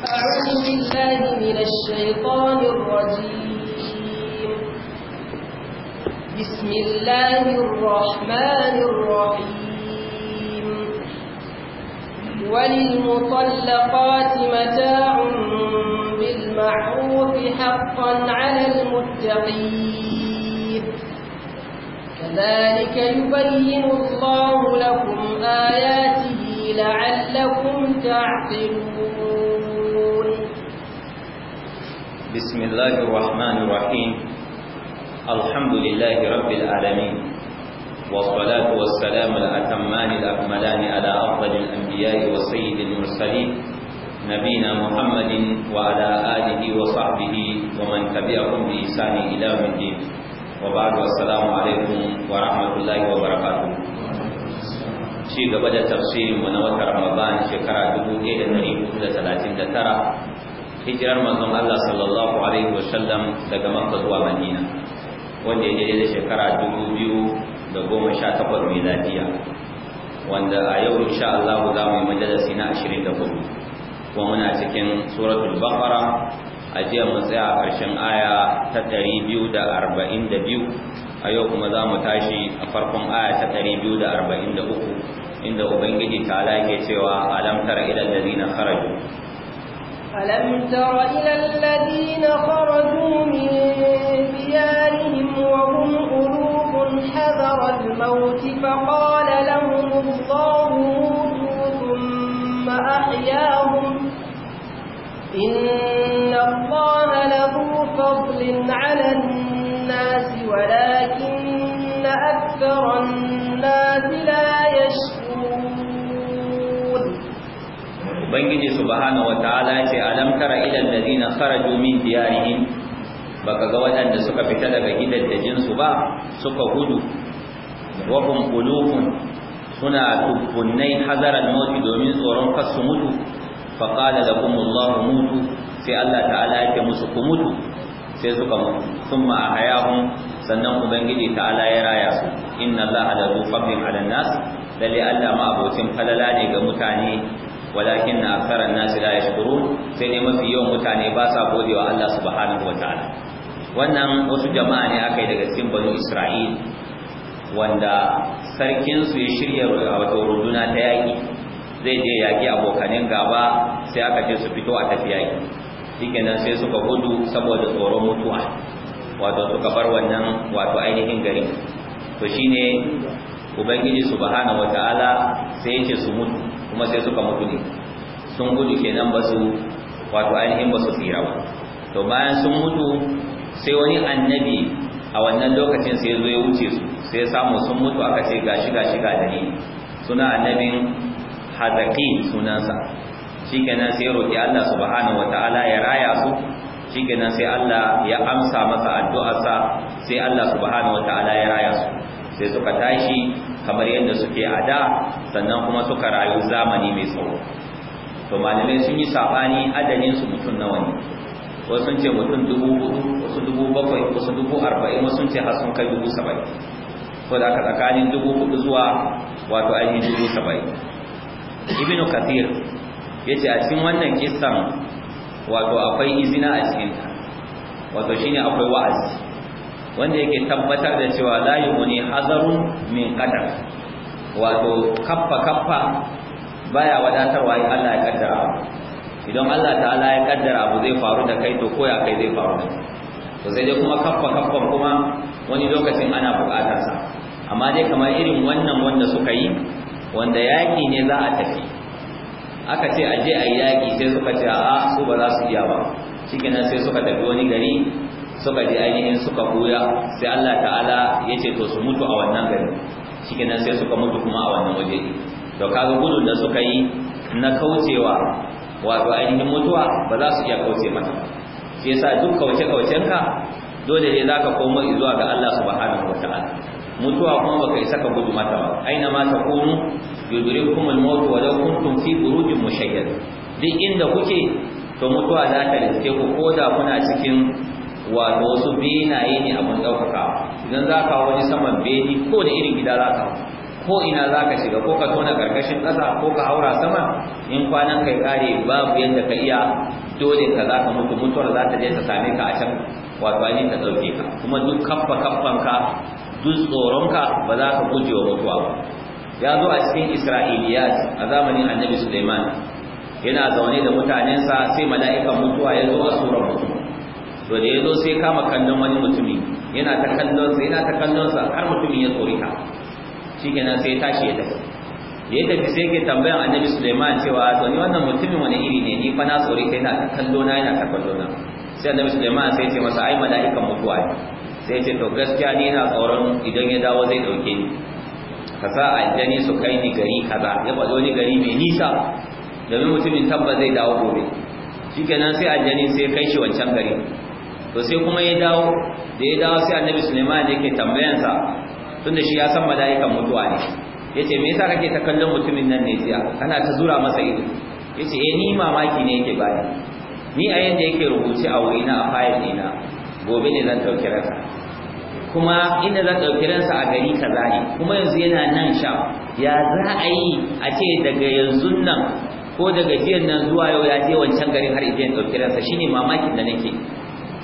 أعوذ بالله من الشيطان الرجيم بسم الله الرحمن الرحيم وللمطلقات متاع بالمعروف حقا على المتقين كذلك يبين الله لكم آياته لعلكم تعقلون بسم الله الرحمن الرحيم الحمد لله رب العالمين والصلاة والسلام الأتمان الأكملان على أفضل الأنبياء وسيد المرسلين نبينا محمد وعلى آله وصحبه ومن تبعهم بإحسان إلى يوم الدين وبعد والسلام عليكم ورحمة الله وبركاته ci gaba da tafsirin mu na watan Ramadan shekara 1439 hijirar manzon Allah sallallahu alaihi Sallam daga Makka zuwa Madina wanda ya daidai da shekara 2018 miladiya wanda a yau insha Allah za mu yi majalisi na 24 kuma muna cikin suratul baqara a jiya mun tsaya a ƙarshen aya ta 242 a yau kuma za mu tashi a farkon aya ta 243 inda ubangiji ta yake cewa alam tara ila allazina kharaju ألم تر إلى الذين خرجوا من ديارهم subhanahu wa ta'ala yace alam tara ila alladhina kharaju min diyarihim baka ga waɗanda suka fita daga gidajen su ba suka gudu wa hum qulubun suna tubunnai hazaran mauti domin tsoron kasu mutu fa qala lakum allah mutu sai allah ta'ala yake musu ku mutu sai suka mutu thumma ahayahum sannan ubangiji ta'ala ya raya su inna allaha la zu fadlin 'ala nas lalle allah ma abocin falala ne ga mutane walakin na asarar nasi ya sai dai mafi yawan mutane ba sa gode wa Allah subhanahu ta'ala wannan wasu jama'a ne aka yi daga cikin banu Isra'il wanda sarkin su ya shirya wato runduna ta yaki zai je yaki abokanin gaba sai aka ce su fito a tafiya yi yaki nan sai suka gudu saboda tsoron mutuwa wato suka bar wannan wato ainihin gari to shine ubangiji subhanahu wataala sai ya ce su mutu kuma sai suka mutu ne sun gudu kenan ba su wato ainihin ba su tsira ba to bayan sun mutu sai wani annabi a wannan lokacin sai zo ya wuce su sai samu sun mutu aka ce shiga shiga da dalili suna annabin hazaki sunansa shikenan sai roƙi Allah subhanahu wataala ya raya su shikenan sai Allah ya amsa masa addu'arsa sai Allah subhanahu wataala ya raya su sai suka tashi kamar yadda suke a da sannan kuma suka rayu zamani mai tsawo to malamai sun yi sabani adadin su mutum nawa ne wasu sun ce mutum dubu wasu dubu bakwai wasu dubu arba'in wasu sun ce har sun kai dubu saba'in ko da aka tsakanin dubu hudu zuwa wato ainihin dubu saba'in ibnu kathir ya ce a cikin wannan kisan wato akwai izina a cikinta wato shine akwai wa'azi wanda yake tabbatar da cewa la yumuni hazarun min qadar wato kaffa kaffa baya wadatarwa in Allah ya kaddara idan Allah ta'ala ya kaddara abu zai faru da kai to ko ya kai zai faru to sai dai kuma kaffa kaffa kuma wani lokacin ana buƙatar sa amma dai kamar irin wannan wanda suka yi wanda yaki ne za a tafi aka ce a je a yaki sai suka ce a su ba za su iya ba shikenan sai suka tafi wani gari suka je ainihin suka buya sai Allah ta'ala ya ce to su mutu a wannan gari nan sai suka mutu kuma a wannan waje to kaga gudun da suka yi na kaucewa wato ainihin mutuwa ba za su iya kauce mata shi yasa duk kauce kaucenka dole ne zaka komo zuwa ga Allah subhanahu wataala mutuwa kuma baka isa ka gudu mata ba aina ma ta kunu yudrikum al-maut wa law kuntum fi burujin mushayyad duk inda kuke to mutuwa za ta rike ku koda kuna cikin wato wasu benaye ne abin ɗaukaka. idan za ka wani saman beni ko da irin gida za ka ko ina za ka shiga ko ka tona karkashin ƙasa ko ka haura sama in kwanan kai kare babu yadda ka iya dole ka za ka mutu mutuwar za ta je ta same ka a can wato ainihin ta ɗauke ka kuma duk kaffa kaffanka duk tsoronka ba za ka guje wa mutuwa ba ya zo a cikin Isra'iliya a zamanin annabi suleiman yana zaune da mutanensa sai mala'ikan mutuwa ya zo a to da yazo sai kama kallon wani mutumi yana ta kallon sai yana ta kallon sa har mutumin ya tsori ta shikenan sai tashi ya tafi ya tafi sai ke tambayan annabi Sulaiman cewa to ni wannan mutumin wani iri ne ni fa na tsori kai na ta kallo na yana ta kallo na sai annabi Sulaiman sai ya ce masa ai mala'ikan mutuwa ne sai ya ce to gaskiya ni na tsoron idan ya dawo zai dauke ni ka sa aljani su kai ni gari kaza ya faɗo ni gari mai nisa domin mutumin tabba zai dawo gobe shikenan sai aljani sai kai shi wancan gari to sai kuma ya dawo da ya dawo sai annabi Sulaiman yake tambayansa tunda shi ya san mala'ikan mutuwa ne yace me yasa kake ta kallon mutumin nan ne tsiya kana ta zura masa ido yace eh ni mamaki ne yake bani ni a yanda yake rubuce a wurina a fayil dina gobe ne zan ɗauki ransa kuma inda zan ɗauki ransa a gari kaza ne kuma yanzu yana nan sha ya za a yi a ce daga yanzu nan ko daga jiyan nan zuwa yau ya je wancan garin har idan ɗauki ransa shine mamakin da nake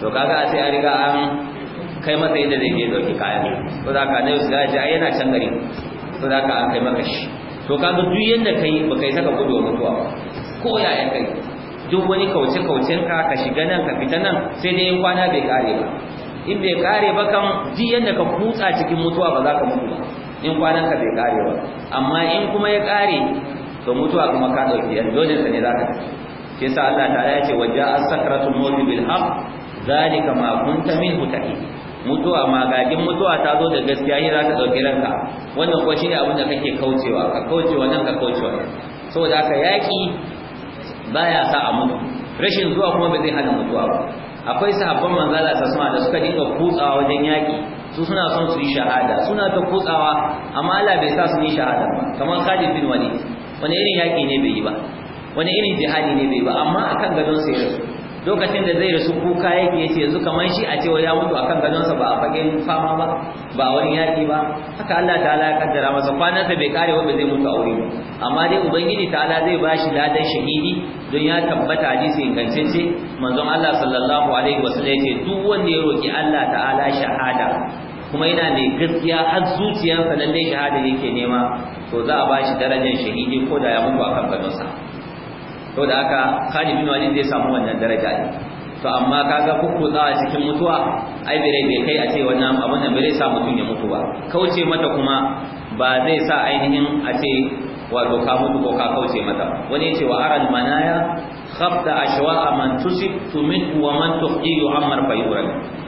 to kaga sai an riga an kai masa yadda zai je dauki kaya to da ka su ga ji yana can gari to da ka an kai maka shi to kaga duk yanda kai ba kai saka gudu wa mutuwa ko yayan kai duk wani kauce kaucen ka ka shiga nan ka fita nan sai dai kwana bai kare ba in bai kare ba kan ji yanda ka kutsa cikin mutuwa ba za ka mutu ba in kwanan ka bai kare ba amma in kuma ya kare to mutuwa kuma ka dauki yan dole ne za ka ce sai sa Allah ta ya ce as-sakratu maut bil haqq zalika ma kunta minhu taqi mutuwa magagin mutuwa ta zo da gaskiya yi zaka ta dauki ranka wannan ko shine abin da kake kaucewa ka kaucewa nan ka kaucewa saboda haka yaki baya sa a mutu rashin zuwa kuma bai zai hana mutuwa ba akwai sahabban manzala ta sama da suka dinga kutsawa wajen yaki su suna son su yi shahada suna ta kutsawa amma Allah bai sa su yi shahada kamar Khalid bin Walid wani irin yaki ne bai yi ba wani irin jihadi ne bai yi ba amma akan gadon sai rasu lokacin da zai rasu kuka yake yace yanzu kaman shi a cewa ya mutu akan sa ba a fagen fama ba ba wani yaki ba haka Allah ta'ala ya kaddara masa kwanansa bai kare ba zai mutu a wuri amma dai ubangiji ta'ala zai bashi ladan shahidi don ya tabbata hadisi ingantacce manzon Allah sallallahu alaihi wasallam yace duk wanda ya roki Allah ta'ala shahada kuma yana mai gaskiya har zuciyarsa lalle shahada yake nema to za a bashi darajar shahidi ko da ya mutu akan sa. da aka Khalid bin Walid zai samu wannan daraja ne to amma kaga kukkutsa a cikin mutuwa ai bare bai kai a ce wannan abin da bai sa mutum ya mutu ba kauce mata kuma ba zai sa ainihin a ce wato ka mutu ko ka kauce mata wani ce wa aral manaya khafta ashwa'a man tusib tumit wa man tuhdi yu'ammar fa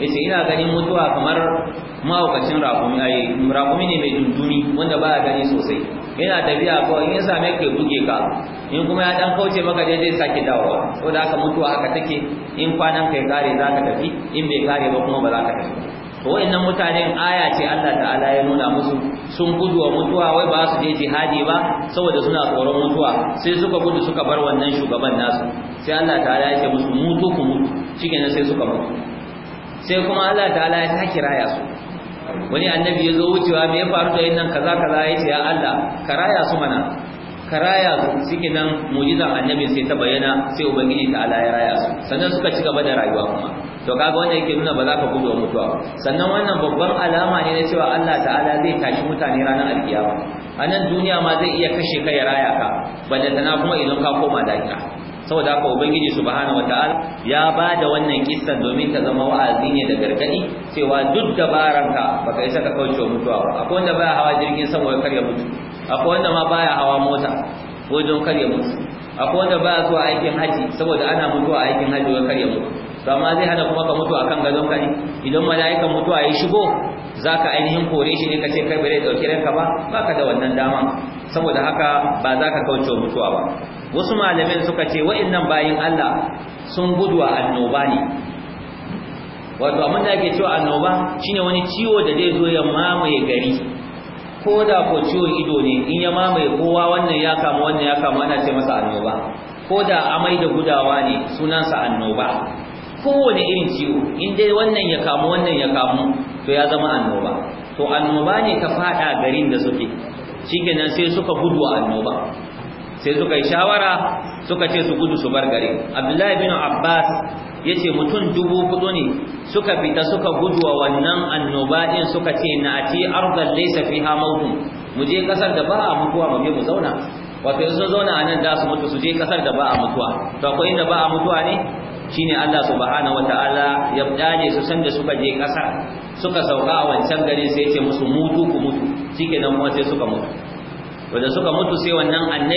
yace ina ganin mutuwa kamar mahaukacin rakumi ai rakumi ne mai dunduni wanda ba ya gani sosai yana tafiya ko in ya same ka buge ka in kuma ya dan kauce maka daidai zai sake dawowa so da aka mutuwa haka take in kwanan kai kare za ka tafi in bai kare ba kuma ba za ka tafi to wayannan mutanen aya ce Allah ta'ala ya nuna musu sun gudu wa mutuwa wai ba su je jihadi ba saboda suna tsoron mutuwa sai suka gudu suka bar wannan shugaban nasu sai Allah ta'ala ya ce musu mutu ku mutu shikenan sai suka mutu sai kuma Allah ta'ala ya sake raya su wani annabi ya zo wucewa me ya faru da yannan kaza kaza ya ce ya Allah karaya su mana karaya su cikin nan mujizan annabi sai ta bayyana sai ubangiji ta ala ya raya su sannan suka ci gaba da rayuwa kuma to kaga wannan yake nuna ba za ka gudu mutuwa sannan wannan babban alama ne na cewa Allah ta'ala zai tashi mutane ranar alkiyama a nan duniya ma zai iya kashe ka ya raya ka balle tana kuma idan ka koma da saboda haka ubangiji subhanahu wataala ya bada wannan kissa domin ta zama wa'azi ne da gargadi cewa duk dabaranka baka isa ka kauce mutuwa ba akwai wanda baya hawa jirgin sama ya karya mutu akwai wanda ma baya hawa mota ko don karya mutu akwai wanda baya zuwa aikin haji saboda ana mutuwa aikin haji ya karya mutu to amma zai hana kuma ka mutu akan gadon kai idan mala'ikan mutuwa ya shigo Za ka ainihin kore shi ne ka ce kai bai dauki ranka ba Ba ka da wannan dama saboda haka ba za ka kauce mutuwa ba wasu malamin suka ce wa'annan bayin Allah sun gudu a annoba ne wato amma da ake cewa annoba shine wani ciwo da zai zo ya mamaye gari ko da ko ciwon ido ne in ya mamaye kowa wannan ya kama wannan ya kama ana ce masa annoba ko da amai da gudawa ne sunansa annoba kowane irin ciwo in dai wannan ya kamu wannan ya kamu to ya zama annoba to annoba ne ka fada garin da suke shikenan sai suka gudu annoba sai suka yi shawara suka ce su gudu su bar gari. abdullahi bin abbas yace ce mutum dubu kudu ne suka fita suka gudu wa wannan annoba din suka ce na ati ardal laysa fiha mautun mu je kasar da ba a mutuwa ba mu zauna wato sun zauna a nan da su mutu su je kasar da ba a mutuwa to akwai inda ba a mutuwa ne shine Allah subhanahu wataala ya daje su san suka je kasa suka sauka a wancan gari sai ya ce musu mutu ku mutu shikenan kuma sai suka mutu wanda suka mutu sai wannan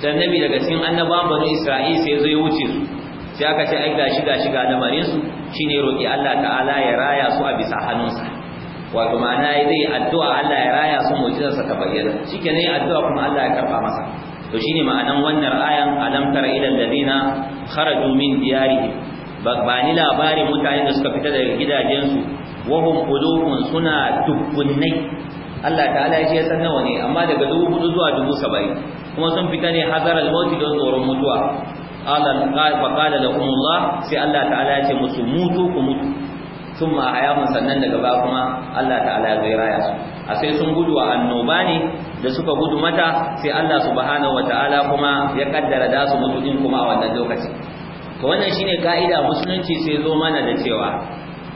dan annabi daga cikin annabawan banu Isra'il sai zo ya wuce su sai aka ce ai gashi gashi ga lamarin su shine roki Allah ta'ala ya raya su a bisa hannunsa wato ma'ana zai addu'a Allah ya raya su mu'jizarsa ta bayyana shikenan addu'a kuma Allah ya karba masa to shine ma'anan wannan ayan alam tara ila alladhina kharaju min diyarihim ba ni labarin mutanen da suka fita daga gidajensu wahum qulubun suna tukunnai Allah ta'ala ya ce san nawa ne amma daga dubu hudu zuwa dubu saba'in kuma sun fita ne hazar al-mauti don tsoron mutuwa qala qala lahum Allah sai Allah ta'ala ya ce musu mutu ku mutu sun ma sannan daga ba kuma Allah ta'ala ya zai raya su a sai sun gudu a annoba ne da suka gudu mata sai Allah subhanahu wataala kuma ya kaddara da su mutu din kuma a wannan lokaci to wannan shine kaida musulunci sai zo mana da cewa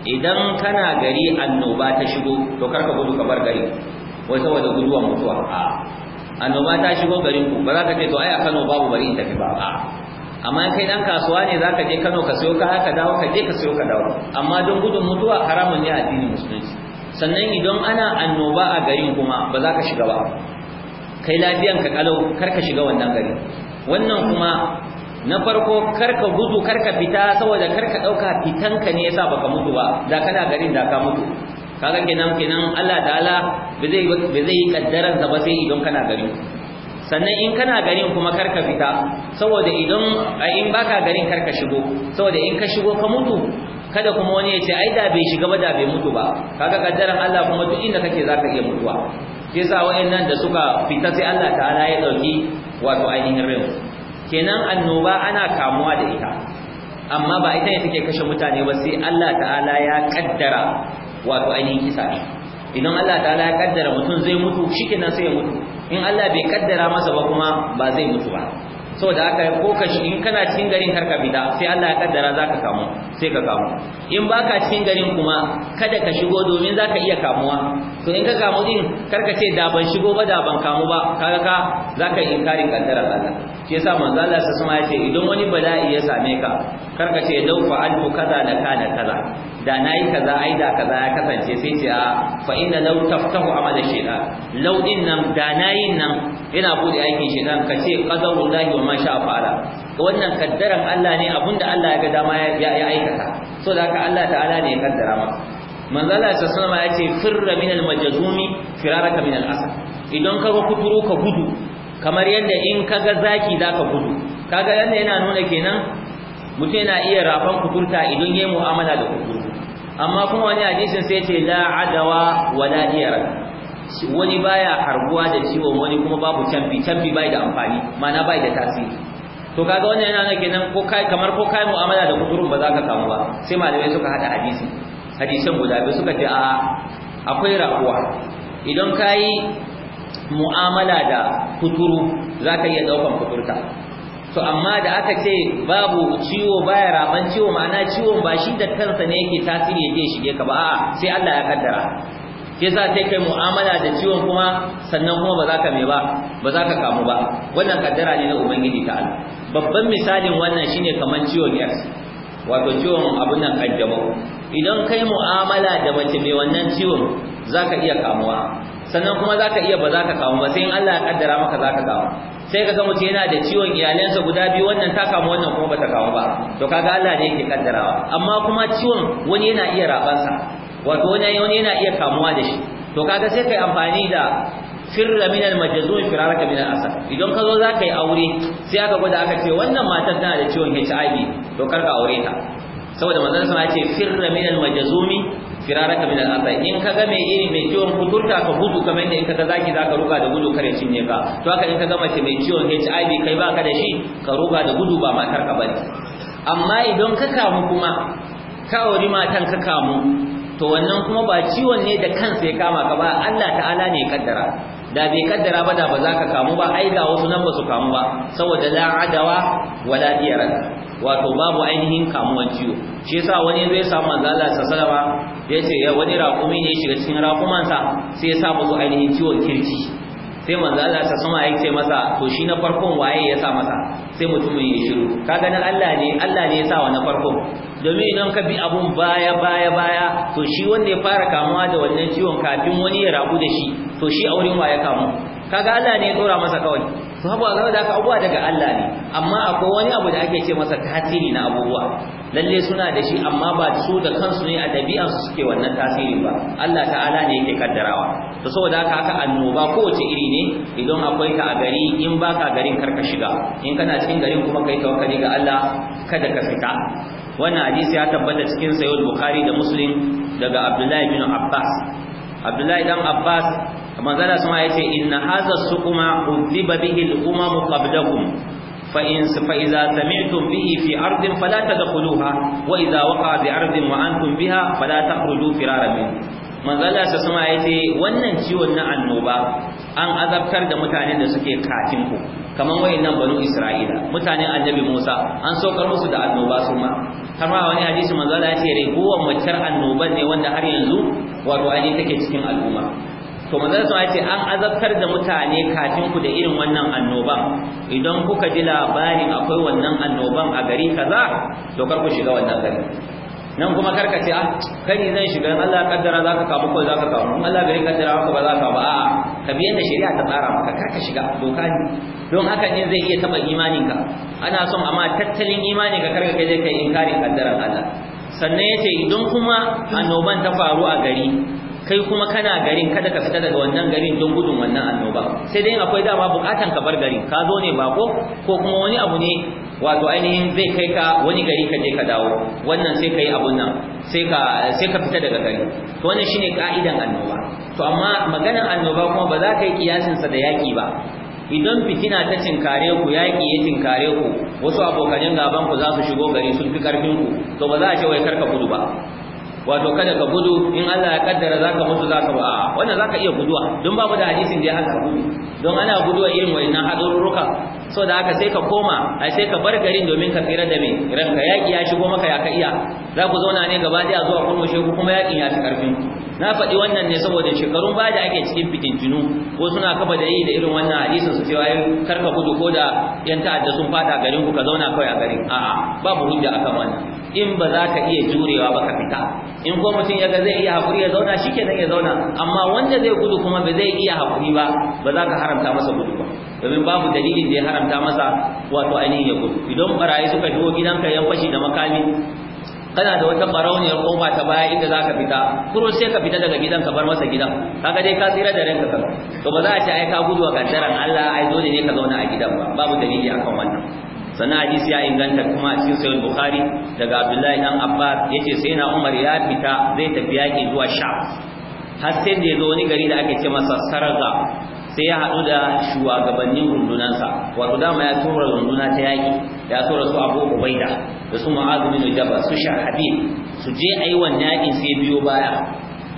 idan kana gari annoba ta shigo to karka gudu ka bar gari wai saboda guduwa mutuwa a annoba ta shigo garin ku ba za ka ce to ai a Kano babu bari in tafi ba a amma kai dan kasuwa ne zaka je Kano ka sayo kaya ka dawo ka je ka sayo ka dawo amma don gudun mutuwa haramun ne a addinin musulunci sannan idan ana annoba a garin kuma ba za ka shiga ba kai lafiyan ka kalau kar ka shiga wannan gari wannan kuma na farko kar ka gudu kar ka fita saboda kar ka dauka fitanka ne yasa baka mutu ba da kana garin da ka mutu kaga kenan kenan Allah ta'ala ba zai ba zai da ba sai idan kana garin sannan in kana garin kuma karka fita saboda idan in baka garin karka shigo saboda in ka shigo ka mutu kada kuma wani ya ce ai da bai shiga ba da bai mutu ba kaga kaddaran Allah kuma duk inda kake zaka iya mutuwa shi yasa wayannan da suka fita sai Allah ta'ala ya dauki wato ainihin rayu kenan annoba ana kamuwa da ita amma ba ita ne take kashe mutane ba sai Allah ta'ala ya kaddara wato ainihin kisa idan Allah ta'ala ya kaddara mutum zai mutu shikenan sai ya mutu in Allah bai kaddara masa ba kuma ba zai mutu ba da haka ko ka in kana cikin garin kar ka fita sai Allah ya kaddara zaka kamu sai ka kamu in baka cikin garin kuma kada ka shigo domin zaka iya kamuwa to in ka kamu din kar ka ce da ban shigo ba da ban kamu ba kaga ka zaka inkarin kaddara Allah shi yasa manzo Allah sai kuma yace idan wani bala'i ya same ka kar ka ce dau fa alfu kaza da kana kaza da nayi kaza ai da kaza ya kasance sai ce a fa inna law taftahu amala shaytan law din nan da nayin nan yana bude aikin shaytan ka ce qadarullahi wa ma sha'a fa'ala wannan kaddaran Allah ne abinda Allah ya ga dama ya aikata so da haka Allah ta'ala ne ya kaddara ma manzo Allah sai ya ce firra minal majzumi firaraka minal asad idan ka ga kuturo ka gudu kamar yadda in kaga zaki zaka gudu kaga yadda yana nuna kenan mutum yana iya rafan kuturta idan yayi mu'amala da kuturu amma kuma wani hadisin sai ce la adawa la iyara wani baya harbuwa da ciwon wani kuma babu canfi canfi bai da amfani mana bai da tasiri to kaga wannan yana nuna kenan ko kai kamar ko kai mu'amala da kuturun ba za ka kamu ba sai malamai suka hada hadisi hadisan guda biyu suka ce a, akwai rafuwa idan kai mu'amala da kuturu zaka iya daukan kuturta to amma da aka ce babu ciwo baya raban ciwo ma'ana ciwon ba shi da kansa ne yake tasiri yake shige ka ba sai Allah ya kaddara sai sa ta kai mu'amala da ciwon kuma sannan kuma ba za ka mai ba ba za ka kamu ba wannan kaddara ne na ubangiji ta Allah babban misalin wannan shine kaman ciwon ya wato ciwon abun nan kaddabo idan kai mu'amala da mace mai wannan ciwon zaka iya kamuwa sannan kuma zaka iya ba zaka kawo ba sai in Allah ya kaddara maka zaka kawo sai ka kaga mutum yana da ciwon iyalansa guda biyu wannan ta kamu wannan kuma bata kawo ba to kaga Allah ne yake kaddarawa amma kuma ciwon wani yana iya rabansa wato wani wani yana iya kamuwa da shi to kaga sai kai amfani da sirra min al-majzum firaraka min al-asad idan ka zo zaka yi aure sai aka gwada aka ce wannan matar tana da ciwon HIV to karka aure ta saboda manzon sa ya ce firra min al-majzumi firara ka minan abai in ga mai iri mai ciwon kuturta ka gudu kamar yadda in ga zaki zaka ruga da gudu kare cinye ka to haka in ka ga mace mai ciwon HIV kai baka da shi ka ruga da gudu ba matar ka bane amma idan ka kamu kuma ka auri matan ka kamu to wannan kuma ba ciwon ne da kansa ya kama ka ba Allah ta'ala ne ya kaddara da bai kaddara ba da ba za ka kamu ba ai ga wasu nan ba su kamu ba saboda la adawa wala wato babu ainihin kamuwan ciwo shi yasa wani zai samu manzo Allah sallallahu alaihi ya ce ya wani rakumi ne ya shiga cikin raƙumansa sai ya sa musu ainihin ciwon kirji sai manzo Allah ta sama ya ce masa to shi na farkon waye ya sa masa sai mutumin ya shiru kaga nan Allah ne Allah ne ya sa wa na farkon domin idan ka bi abun baya baya baya to shi wanda ya fara kamuwa da wannan ciwon kafin wani ya rabu da shi to shi a wurin ya kamu kaga Allah ne ya dora masa kawai to abuwa da haka daga Allah ne amma akwai wani abu da ake ce masa tasiri na abubuwa lalle suna da shi amma ba su da kansu ne a dabi'an su suke wannan tasiri ba Allah ta'ala ne yake kaddarawa to saboda haka aka annoba kowace iri ne idan akwai ta a gari in baka garin karka shiga in kana cikin garin kuma kai tawakkali ga Allah kada ka fita wannan hadisi ya tabbata cikin sayyid bukhari da muslim daga abdullahi bin abbas abdullahi dan abbas manzala sama yace inna hadha suquma udhiba bihi al-umam qablakum fa in fa idza sami'tum bihi fi ardin fala tadkhuluha wa idza waqa bi ardin wa antum biha fala takhruju firaran manzala sama yace wannan ciwon na annoba an azabtar da mutanen da suke kafin ku kaman wayannan banu isra'ila mutanen annabi Musa an saukar musu da annoba su ma har ma wani hadisi manzo Allah ya ce riguwar macar annoban ne wanda har yanzu wato aje take cikin al'umma to manzo Allah ya ce an azabtar da mutane kafin ku da irin wannan annoban idan kuka ji labarin akwai wannan annoban a gari kaza to kar ku shiga wannan gari nan kuma karka ce ah kai zan shiga Allah ya kaddara zaka kamu ko zaka kamu Allah bai kaddara ba ba zaka ba a'a ka yadda shari'a ta tsara maka kar ka shiga doka ne don haka ne zai iya taba imaninka ana son amma tattalin imaninka kar ka je kai inkarin kaddaran Allah sannan yace idan kuma annoban ta faru a gari kai kuma kana garin kada ka fita daga wannan garin don gudun wannan annoba sai dai akwai dama bukatan ka bar garin ka zo ne bako ko kuma wani abu ne wato ainihin zai kai ka wani gari ka je ka dawo wannan sai kai abun nan sai ka fita daga gari to wannan shine ka'idan annoba to amma maganar annoba kuma ba za ka yi kiyasin sa da yaki ba idan fitina ta tinkare ku yaki ya tinkare ku wasu abokan gaban ku za su shigo gari sun fi karfin ku to ba za a ce wai karka gudu ba wato kada ka gudu in Allah ya kaddara zaka mutu zaka ba wannan zaka iya guduwa don babu da hadisin da ya haka gudu don ana guduwa irin wayannan hadururuka so da haka sai ka koma ai sai ka bar garin domin ka tsira da me ka yaki ya shigo maka ya ka iya za ku zauna ne gaba daya zuwa kun ku kuma yakin ya fi na faɗi wannan ne saboda shekarun baya da ake cikin fitintinu ko suna kafa da yi da irin wannan hadisin su cewa kar ka gudu ko da yan ta'adda sun fada garin ku ka zauna kawai a garin a'a babu hujja akan wannan in ba za ka iya jurewa ba ka fita in ko mutum ya ga zai iya hakuri ya zauna shi kenan ya zauna amma wanda zai gudu kuma ba zai iya hakuri ba ba za ka haramta masa gudu ba domin babu dalilin da ya haramta masa wato ainihin ya gudu idan barayi suka shigo gidanka ya fashi da makami kana da wata barauniyar koma ta baya inda zaka fita kuro sai ka fita daga gidan ka bar masa gidan kaga dai ka tsira da ranka kan to ba za a ce ai ka gudu a kaddaran Allah ai dole ne ka zauna a gidan ba babu dalili akan wannan sannan hadisi ya inganta kuma a cikin sahih bukhari daga abdullahi dan abbas yace sai na umar ya fita zai tafi yaki zuwa sham har sai da yazo wani gari da ake ce masa sarza sai ya hadu da shugabannin rundunansa wato dama ya tura runduna ta yaki ya tura su abu ubaida da su ma'azumin jaba su shahabib su je ayi wannan yakin sai biyo baya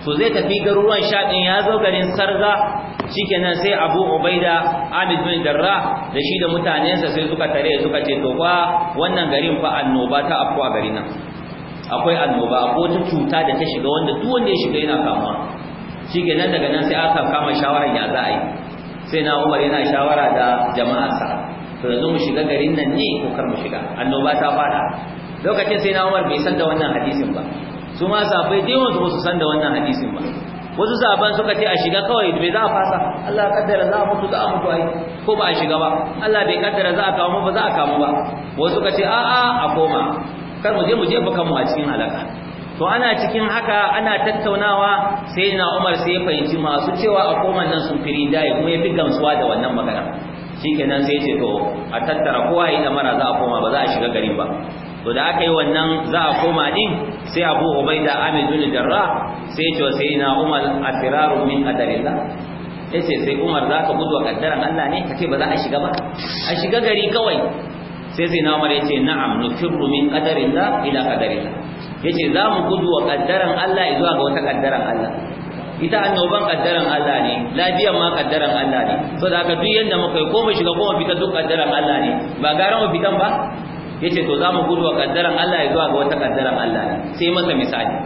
to zai tafi garuruwan sha ya zo garin sarga nan sai Abu Ubaida Amid bin Darra da shi da mutanensa sai suka tare suka ce to kwa wannan garin fa annoba ta afko a garin nan akwai annoba akwai wata cuta da ta shiga wanda duk wanda ya shiga yana kamuwa nan daga nan sai aka kama shawaran ya za a yi sai na Umar yana shawara da jama'arsa to yanzu mu shiga garin nan ne ko kar mu shiga annoba ta fada lokacin sai na Umar bai san da wannan hadisin ba su ma safai dai wasu ba su san da wannan hadisin ba wasu sahabban suka ce a shiga kawai bai za a fasa Allah kaddara za a mutu za a mutu ai ko ba a shiga ba Allah bai kaddara za a kawo mu ba za a kamu ba wasu suka ce a a a koma kar mu je mu jefa kanmu a cikin halaka to ana cikin haka ana tattaunawa sai na Umar sai ya fahimci masu cewa a koma nan sun firi dai kuma ya fi gamsuwa da wannan magana shikenan sai ce to a tattara kowa yi da mara za a koma ba za a shiga garin ba to da aka yi wannan za a koma din sai abu ubaida amir bin jarra sai to sai na umar asirarun min Ya ce sai umar za ka gudu a kaddaran Allah ne kace ba za a shiga ba a shiga gari kawai sai sai na umar yace na'am nufirru min qadarillah ila Ya yace za mu gudu a kaddaran Allah zuwa ga wata kaddaran Allah ita annoban kaddaran Allah ne lafiyan ma kaddaran Allah ne so da haka duk yanda muka yi ko mu shiga ko mu fita duk kaddaran Allah ne ba gara mu fitan ba yace to zamu gudu wa kaddaran Allah ya zuwa ga wata kaddaran Allah ne sai masa misali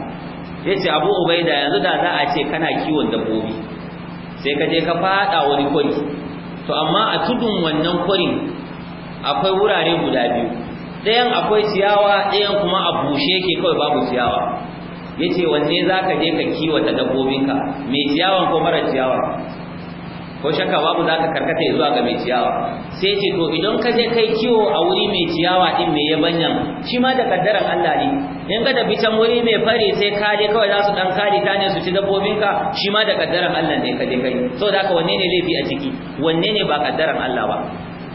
yace Abu Ubaida yanzu da za a ce kana kiwon dabbobi sai ka je ka fada wani kwari to amma a tudun wannan kwarin akwai wurare guda biyu ɗayan akwai ciyawa ɗayan kuma a bushe yake kawai babu ciyawa yace wanne zaka je ka kiwata dabbobinka mai ciyawan ko mara ciyawa ko shakka babu zaka ka karkata zuwa ga mai ciyawa sai ce to idan ka je kai kiwo a wuri mai ciyawa din mai yabanya shi ma da kaddaran Allah ne in ka tafi can wuri mai fari sai ka je kawai za su dan kare ta ne su ci dabbobin ka? shi ma da kaddaran Allah ne ka je kai so da ka wanne ne laifi a ciki wanne ne ba kaddaran Allah ba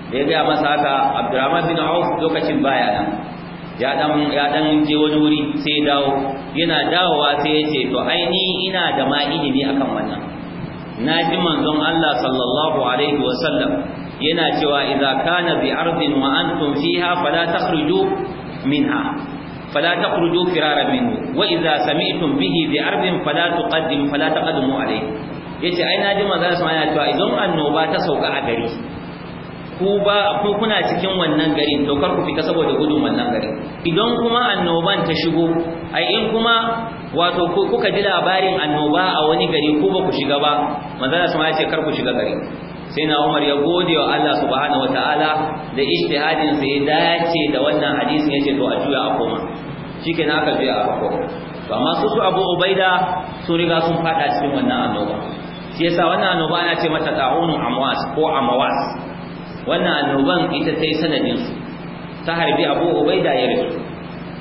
da ya ga masa haka Abdurrahman bin Auf lokacin baya nan ya dan ya dan je wani wuri sai dawo yana dawowa sai ya ce to aini ina da ma ilimi akan wannan Na naji manzon Allah sallallahu alaihi wasallam yana cewa idza kana bi ardin wa antum fiha fala takhruju minha فلا تخرجوا فرارا منه واذا سمعتم به بارض fala تقدم فلا تقدموا عليه yace ai na naji manzo sama yana cewa idan annoba ta sauka a gari ku ba ku kuna cikin wannan garin to kar ku fita saboda gudun wannan garin idan kuma annoban ta shigo ai in kuma wato ko kuka ji labarin annoba a wani gari ko ba ku shiga ba manzala sama ya ce kar ku shiga gari sai na Umar ya gode wa Allah subhanahu wataala da ijtihadin sa ya dace da wannan hadisin yace to a juya a koma shikenan aka juya a koma to amma su su Abu Ubaida su riga sun fada cikin wannan annoba shi yasa wannan annoba ana ce mata ta'unu amwas ko amawas wannan annoban ita sai sanadin su ta harbi Abu Ubaida ya rasu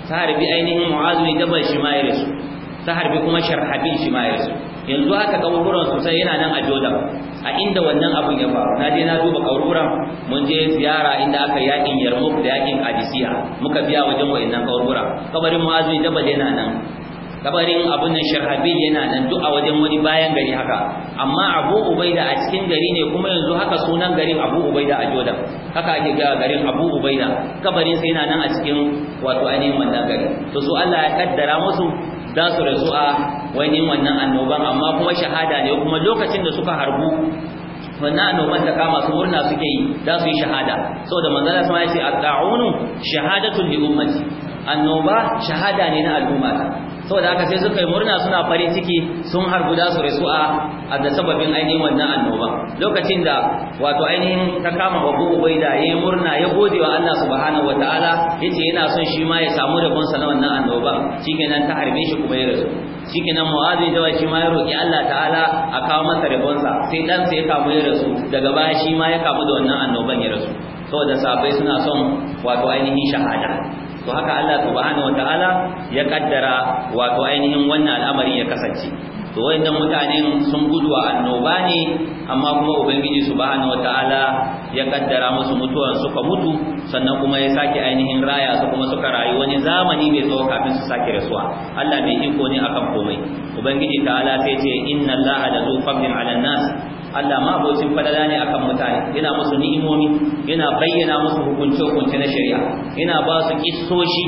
ta harbi ainihin Mu'az bin Jabal shi ma ya rasu ta harbi kuma Sharhabin shi ma ya zo yanzu haka su sai yana nan a jordan a inda wannan abun ya faru na je na duba kaburburan mun je ziyara inda aka yakin yarmouk da yakin Adisiya muka biya wajen wayannan kaurura kabarin mu'azu jabal yana nan kabarin abun nan sharhabil yana nan duk a wajen wani bayan gari haka amma abu ubaida a cikin gari ne kuma yanzu haka sunan garin abu ubaida a jodan haka ake ga garin abu ubaida kabarin sai yana nan a cikin wato ainihin wannan gari to su Allah ya kaddara musu za su rasu a wani wannan annoban amma kuma shahada ne kuma lokacin da suka harbu wannan annoban da kama su murna suke yi za su yi shahada saboda manzala sama ya ce at-ta'unu shahadatun li ummati annoba shahada ne na al'umma saboda haka sai suka yi murna suna farin ciki sun har guda su rasu a da sababin ainihin wannan annoba lokacin da wato ainihin ta kama babu ubaida ya yi murna ya gode wa Allah subhanahu wataala yace yana son shi ma ya samu rabon sa na wannan annoba shikenan ta harbe shi kuma ya rasu shikenan mu'azi da shi ma ya roki Allah ta'ala a kawo masa rabon sa sai dan sai ya kamu ya rasu daga baya shi ma ya kamu da wannan annoban ya rasu saboda sabai suna son wato ainihin shahada to haka Allah subhanahu wataala ya kaddara wato ainihin wannan al'amari ya kasance to wayannan mutanen sun guduwa annoba ne amma kuma ubangiji subhanahu wataala ya kaddara musu mutuwan suka mutu sannan kuma ya sake ainihin raya su kuma suka rayu wani zamani mai tsawo kafin su sake rasuwa Allah mai iko ne akan komai ubangiji ta'ala sai ce inna allaha la zu 'alan nas Allah ma abocin fadala ne akan mutane yana musu ni'imomi yana bayyana musu hukunce hukunce na shari'a yana ba su kissoshi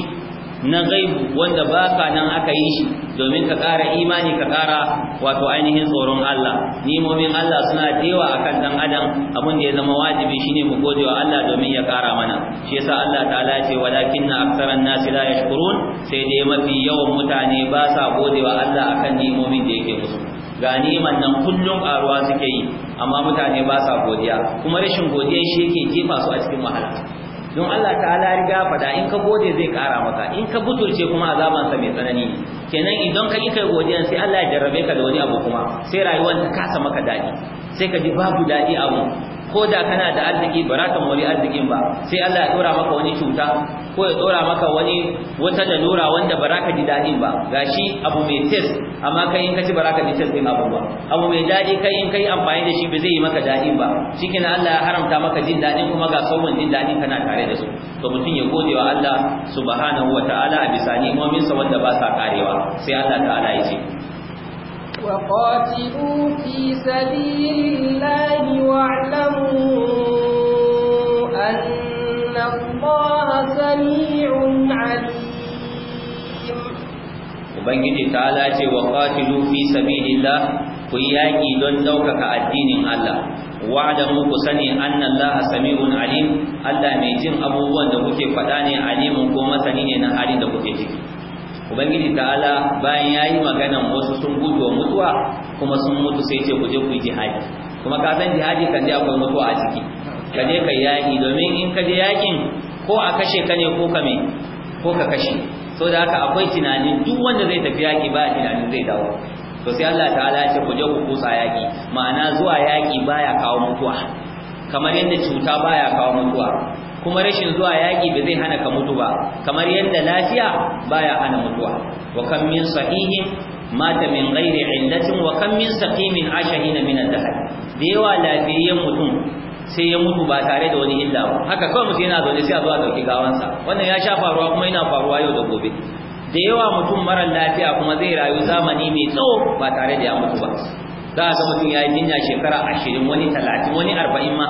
na gaibu wanda baka nan aka yi shi domin ka ƙara imani ka ƙara wato ainihin tsoron Allah nimomin Allah suna dewa akan dan adam abin da ya zama wajibi shine mu gode wa Allah domin ya ƙara mana shi yasa Allah ta'ala ya ce walakinna aktsaran nasi la yashkurun sai dai mafi yawan mutane ba sa gode wa Allah akan nimomin da yake musu ga nan kullum ruwa suke yi amma mutane ba sa godiya kuma rashin godiya shi yake jefa su a cikin wahala don Allah ta'ala ya riga fada in ka gode zai kara maka in ka butulce kuma azaban sa mai tsanani kenan idan ka kai godiya sai Allah ya jarrabe ka da wani abu kuma sai rayuwar ta kasa maka dadi sai ka ji babu dadi abu ko da kana da arziki ba za ka mori arzikin ba sai Allah ya dora maka wani cuta ko ya dora maka wani wata da lura wanda ba za ka ji daɗin ba gashi abu mai test amma kai in ka ci ba za ka ji test din abu abu mai daɗi kai in kai amfani da shi ba zai yi maka daɗin ba cikin Allah ya haramta maka jin daɗin kuma ga sauran jin daɗin kana tare da su to mutum ya gode wa Allah subhanahu wa ta'ala a bisa ni'imominsa wanda ba sa karewa sai Allah ta'ala ya ce وقاتلوا في سبيل الله واعلموا أن الله سميع عليم ta'ala ce wa qatilu fi sabilillah ku yaki don daukaka addinin Allah wa'adamu ku sani sami sami'un alim Allah mai jin abubuwan da kuke faɗa ne alimun ko masani ne na halin da kuke ciki ubangiji ta'ala bayan yayi maganan wasu sun gudu wa mutuwa kuma sun mutu sai ce ku je ku yi jihadi kuma ka san jihadi kan je akwai mutuwa a ciki ka je kai yaki domin in ka je yakin ko a kashe ka ne ko ka me ko ka kashe so da haka akwai tunani duk wanda zai tafi yaki ba tunani zai dawo to sai Allah ta'ala ya ce ku je ku kusa yaki ma'ana zuwa yaki baya kawo mutuwa kamar yadda cuta baya kawo mutuwa kuma rashin zuwa yaki ba zai hana ka mutu ba kamar yadda lafiya baya hana mutuwa wa kam min sahihin mata min ghairi illatin wa kam min saqimin ashahina min ad-dahr da yawa lafiyayyen mutum sai ya mutu ba tare da wani illa ba haka kawai mutum yana zaune sai a zo a dauki gawansa wannan ya sha faruwa kuma yana faruwa yau da gobe da yawa mutum mara lafiya kuma zai rayu zamani mai tsawo ba tare da ya mutu ba za a ga mutum ya yi jinya shekara ashirin wani talatin wani arba'in ma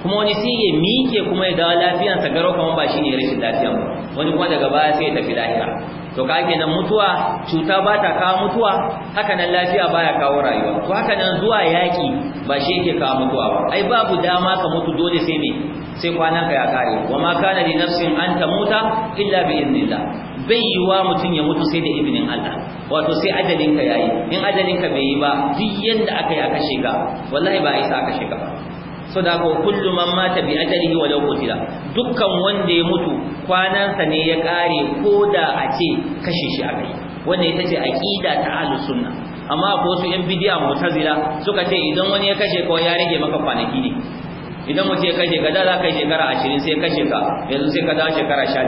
kuma wani sai ya miƙe kuma ya dawo lafiyansa garau kamar ba shi ne rashin lafiya ba wani kuma daga baya sai ya tafi lahira to ka ke nan mutuwa cuta ba ta kawo mutuwa haka nan lafiya baya kawo rayuwa to haka nan zuwa yaƙi ba shi yake kawo mutuwa ba ai babu dama ka mutu dole sai me sai kwanan ka ya kare wa ma kana li nafsin an tamuta illa bi idnillah bai yiwa mutum ya mutu sai da izinin Allah wato sai ajalin ka yayi in ajalin ka bai yi ba duk yanda aka yi aka shiga wallahi ba isa aka shiga ba so da ko kullu man mata bi ajalihi wa law qutila dukkan wanda ya mutu kwanansa ne ya kare ko da a ce kashe shi akai wannan ita ce aqida ta ahlus sunna amma ko su yan bidiya mu'tazila suka ce idan wani ya kashe ko ya rage maka kwanaki ne idan mutum ya kashe ka da za ka yi shekara ashirin sai ya kashe ka yanzu sai ka dawo shekara sha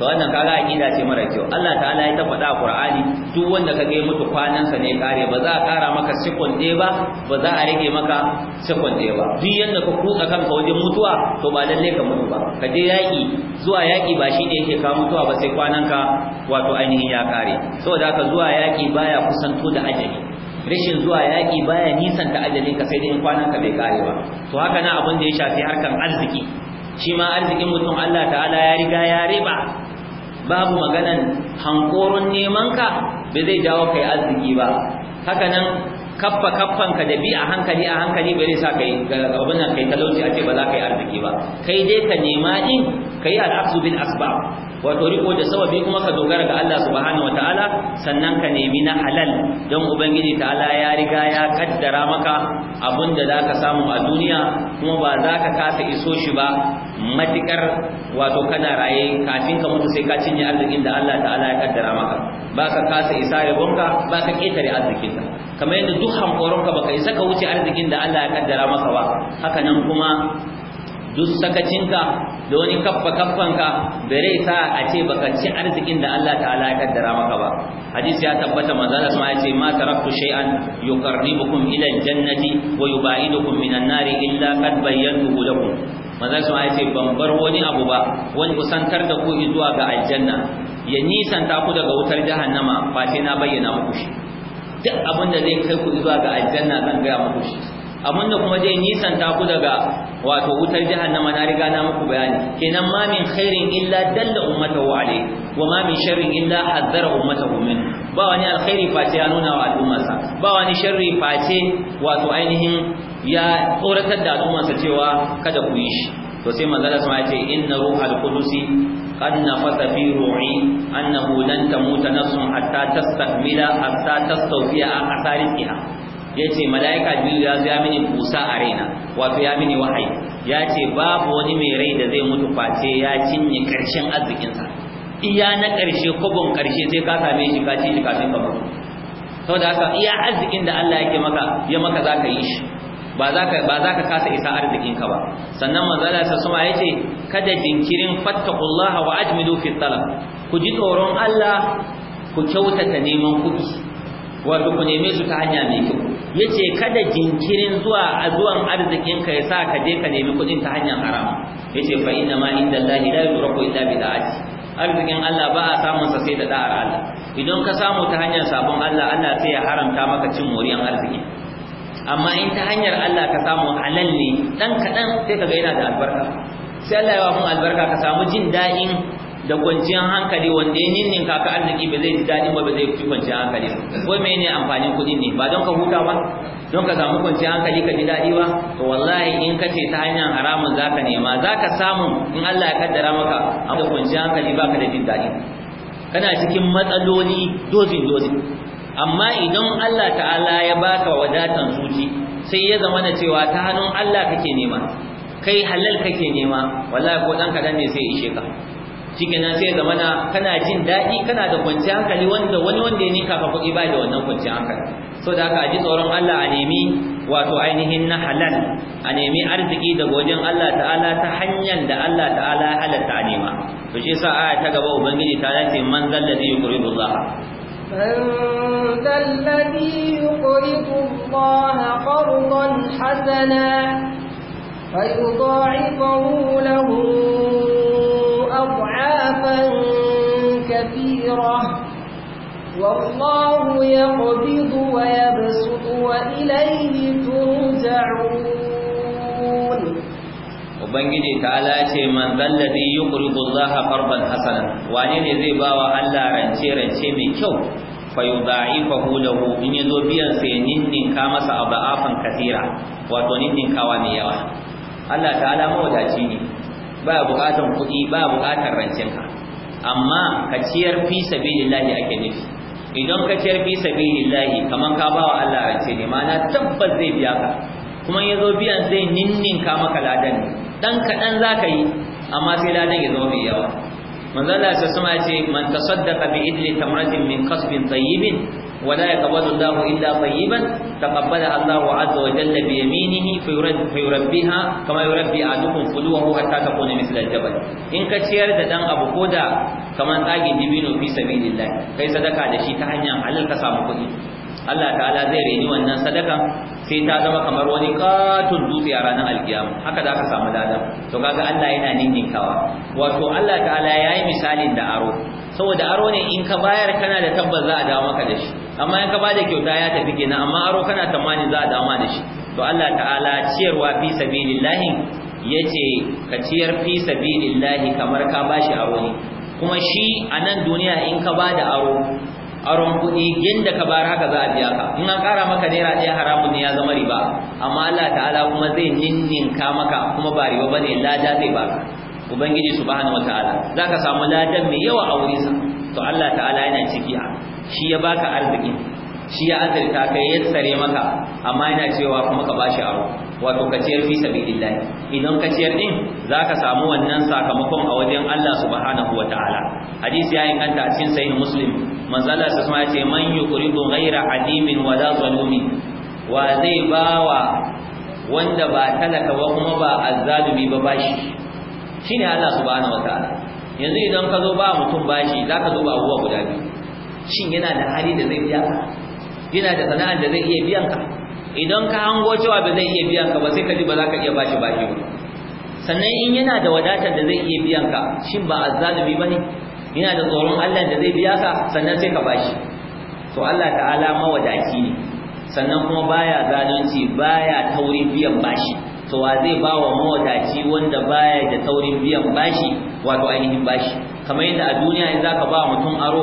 to wannan kaga aqida ce mara kyau Allah ta'ala ya tabbata a Qur'ani duk wanda kage mutu kwanan sa ne kare ba za a kara maka second ba ba za a rage maka second ba duk yanda ka kuka kanka wajen mutuwa to ba lalle ka mutu ba ka je yaki zuwa yaki ba shi ne yake ka mutuwa ba sai kwanan ka wato ainihin ya kare saboda haka zuwa yaki baya kusanto da ajali rashin zuwa yaki baya nisan da ajali ka sai dai kwanan ka bai kare ba to haka na abin da ya shafi harkan arziki shi ma arzikin mutum Allah ta'ala ya riga ya riba babu maganan hankoron neman ka ba zai jawo kai arziki ba haka nan kaffa kaffan ka da bi a hankali a hankali ba zai sa kai abin nan kai talauci a ce ba za ka yi arziki ba kai dai ka nema din kai al'aksu bil asbab wato riko da sababi kuma ka dogara ga Allah subhanahu ta'ala sannan ka nemi na halal don ubangiji ta'ala ya riga ya kaddara maka abin da zaka samu a duniya kuma ba za ka kasa iso shi ba matikar wato kana raye kafin ka mutu sai ka cinye arzikin da Allah ta'ala ya kaddara maka ba ka kasa isa rabonka ba ka ketare arzikinka kamar yadda duk ka baka isa ka wuce arzikin da Allah ya kaddara maka ba haka nan kuma duk sakacinka da wani kaffa kaffanka bare sa a ce baka ci arzikin da Allah ta'ala ya kaddara maka ba hadisi ya tabbata manzo Allah ya ce ma taraktu shay'an yuqarribukum ila jannati wa yubaidukum minan nari illa qad bayyantuhu lakum manzon sama ya ce ban bar wani abu ba wani kusantar da ku zuwa ga aljanna ya nisanta ku daga wutar jahannama ba sai na bayyana muku shi duk abin da zai kai ku zuwa ga aljanna zan gaya muku shi abin da kuma zai nisanta ku daga wato wutar jahannama na riga na muku bayani kenan ma min khairin illa dalla ummatahu alayhi wa ma min sharrin illa hazzara ummatahu min ba wani alkhairi face ya nuna wa al'ummarsa ba wani sharri face wato ainihin ya tsoratar da al'ummarsa cewa kada ku yi shi to sai manzala sama ya ce inna ruhal qudusi qad nafasa fi ruhi annahu lan tamuta nafsun hatta tastakmila hatta tastawfiya a asariha yace malaika jibril ya ga mini kusa a raina wato ya mini wahayi yace babu wani mai rai da zai mutu face ya cinye karshen arzikinsa iya na karshe kubun karshe sai ka same shi ka ci shi kafin ka mutu saboda haka iya arzikin da Allah yake maka ya maka zaka yi shi ba za ka kasa isa arzikin ka ba sannan manzala sa suma yace kada jinkirin fattakullaha wa ajmidu fi talab ku ji tsoron Allah ku kyautata neman kuɗi wato ku neme su ta hanya mai kyau yace kada jinkirin zuwa a zuwan arzikin ka yasa ka je ka nemi kuɗin ta hanyar haram yace fa inna ma inda Allah la yuraku illa bi da'ati arzikin Allah ba a samun sa sai da da'ar Allah idan ka samu ta hanyar sabon Allah Allah sai ya haramta maka cin moriyan arziki amma in ta hanyar Allah ka samu halal ne dan kadan sai kaga yana da albarka sai Allah ya ba mu albarka ka samu jin da'in da kwanciyar hankali wanda ya ninnin ka arziki ba zai ji daɗin ba ba zai fi kwanciyar hankali ko me ne amfanin kuɗi ne ba don ka huta ba don ka samu kwanciyar hankali ka ji daɗi ba to wallahi in ka ce ta hanyar haramun za ka nema za ka samu in Allah ya kaddara maka amma kwanciyar hankali ba ka da jin daɗi kana cikin matsaloli dozin dozin amma idan Allah ta'ala ya baka wadatan zuci sai ya zama da cewa ta hannun Allah kake nema kai halal kake nema wallahi ko dan kadan ne sai ishe ka nan sai zama na kana jin daɗi kana da kwanciyar hankali wanda wani wanda ya nika kuɗi ba da wannan kwanciyar hankali so da haka a ji tsoron Allah a nemi wato ainihin na halal a nemi arziki da godin Allah ta'ala ta hanyar da Allah ta'ala halatta a nema to shi sa aya ta gaba ubangiji ta ce man zalladhi yuqridu Allah من ذا الذي يقرض الله قرضا حسنا فيضاعفه له أضعافا كثيرة والله يقبض ويبسط وإليه ترجعون Ubangiji ta'ala ce man zalladhi yuqridu Allah qardan hasana wane ne zai bawa Allah rance rance mai kyau fa yudha'ifahu lahu in yazo biyan sai ninnin ka masa abafan katira wato ninnin kawa mai yawa Allah ta'ala mawadaci ne ba buƙatan kuɗi ba bukatan rancen ka amma ka ciyar fi sabilillahi ake nufi idan ka ciyar fi sabilillahi kaman ka bawa Allah rance ne ma'ana tabbas zai biya ka kuma yazo biyan zai ninnin ka maka ladan ne dan kaɗan za ka yi amma sai ladan ya zama mai yawa manzo Allah ya sama ce man tasaddaqa bi idli tamratin min kasbin tayyibin wa la yaqbalu Allahu illa tayyiban taqabbala Allahu azza wa jalla bi yaminihi fa yurabbi fa yurabbiha kama yurabbi ahadukum fuluhu hatta takuna mithla al-jabal in ka ciyar da dan abu koda kaman tsagin dibino fi sabilillah kai sadaka da shi ta hanyar halal ka samu kuɗi Allah ta'ala zai reni wannan sadaka sai ta zama kamar wani katon dutse a ranar alkiyama haka za ka samu lada to kaga Allah yana ninninkawa wato Allah ta'ala ya yi misalin da aro saboda aro ne in ka bayar kana da tabbas za a dawo maka da shi amma in ka ba da kyauta ya tafi kenan amma aro kana tamanin za a dawo ma da shi to Allah ta'ala ciyarwa fi sabilillahi yace ka ciyar fi sabilillahi kamar ka bashi aro ne kuma shi a nan duniya in ka ba da aro aron kuɗi yadda ka bara haka za a biya ka in an ƙara maka naira ɗaya haramun ne ya zama riba amma Allah ta'ala kuma zai ninninka maka kuma ba riba bane lada zai baka ubangiji subhanahu wataala zaka samu ladan mai yawa a wurin sa to Allah ta'ala yana ciki shi ya baka arziki shi ya azurta kai ya tsare maka amma yana cewa kuma ka bashi aro wato ka ciyar fi sabilillah idan ka ciyar din zaka samu wannan sakamakon a wajen Allah subhanahu ta'ala. hadisi ya inganta a cikin sahih muslim manzala sa sama yace man yuqridu ghaira alimin wala zalumi wa zai bawa wanda ba talaka ba kuma ba azzalumi ba bashi shine Allah subhanahu ta'ala. yanzu idan ka zo ba mutum bashi zaka ba abubuwa guda biyu shin yana da hali da zai biya ka yana da sana'ar da zai iya biyan ka idan ka hango cewa ba zai iya biyan ka ba sai ka ji ba za ka iya bashi bashi ba sannan in yana da wadatar da zai iya biyan ka shin ba azzalumi bane yana da tsoron Allah da zai biya ka sannan sai ka bashi to Allah ta'ala mawadaci ne sannan kuma baya zalunci baya taurin biyan bashi to wa zai ba wa mawadaci wanda baya da taurin biyan bashi wato ainihin bashi kamar yadda a duniya in zaka ba mutum aro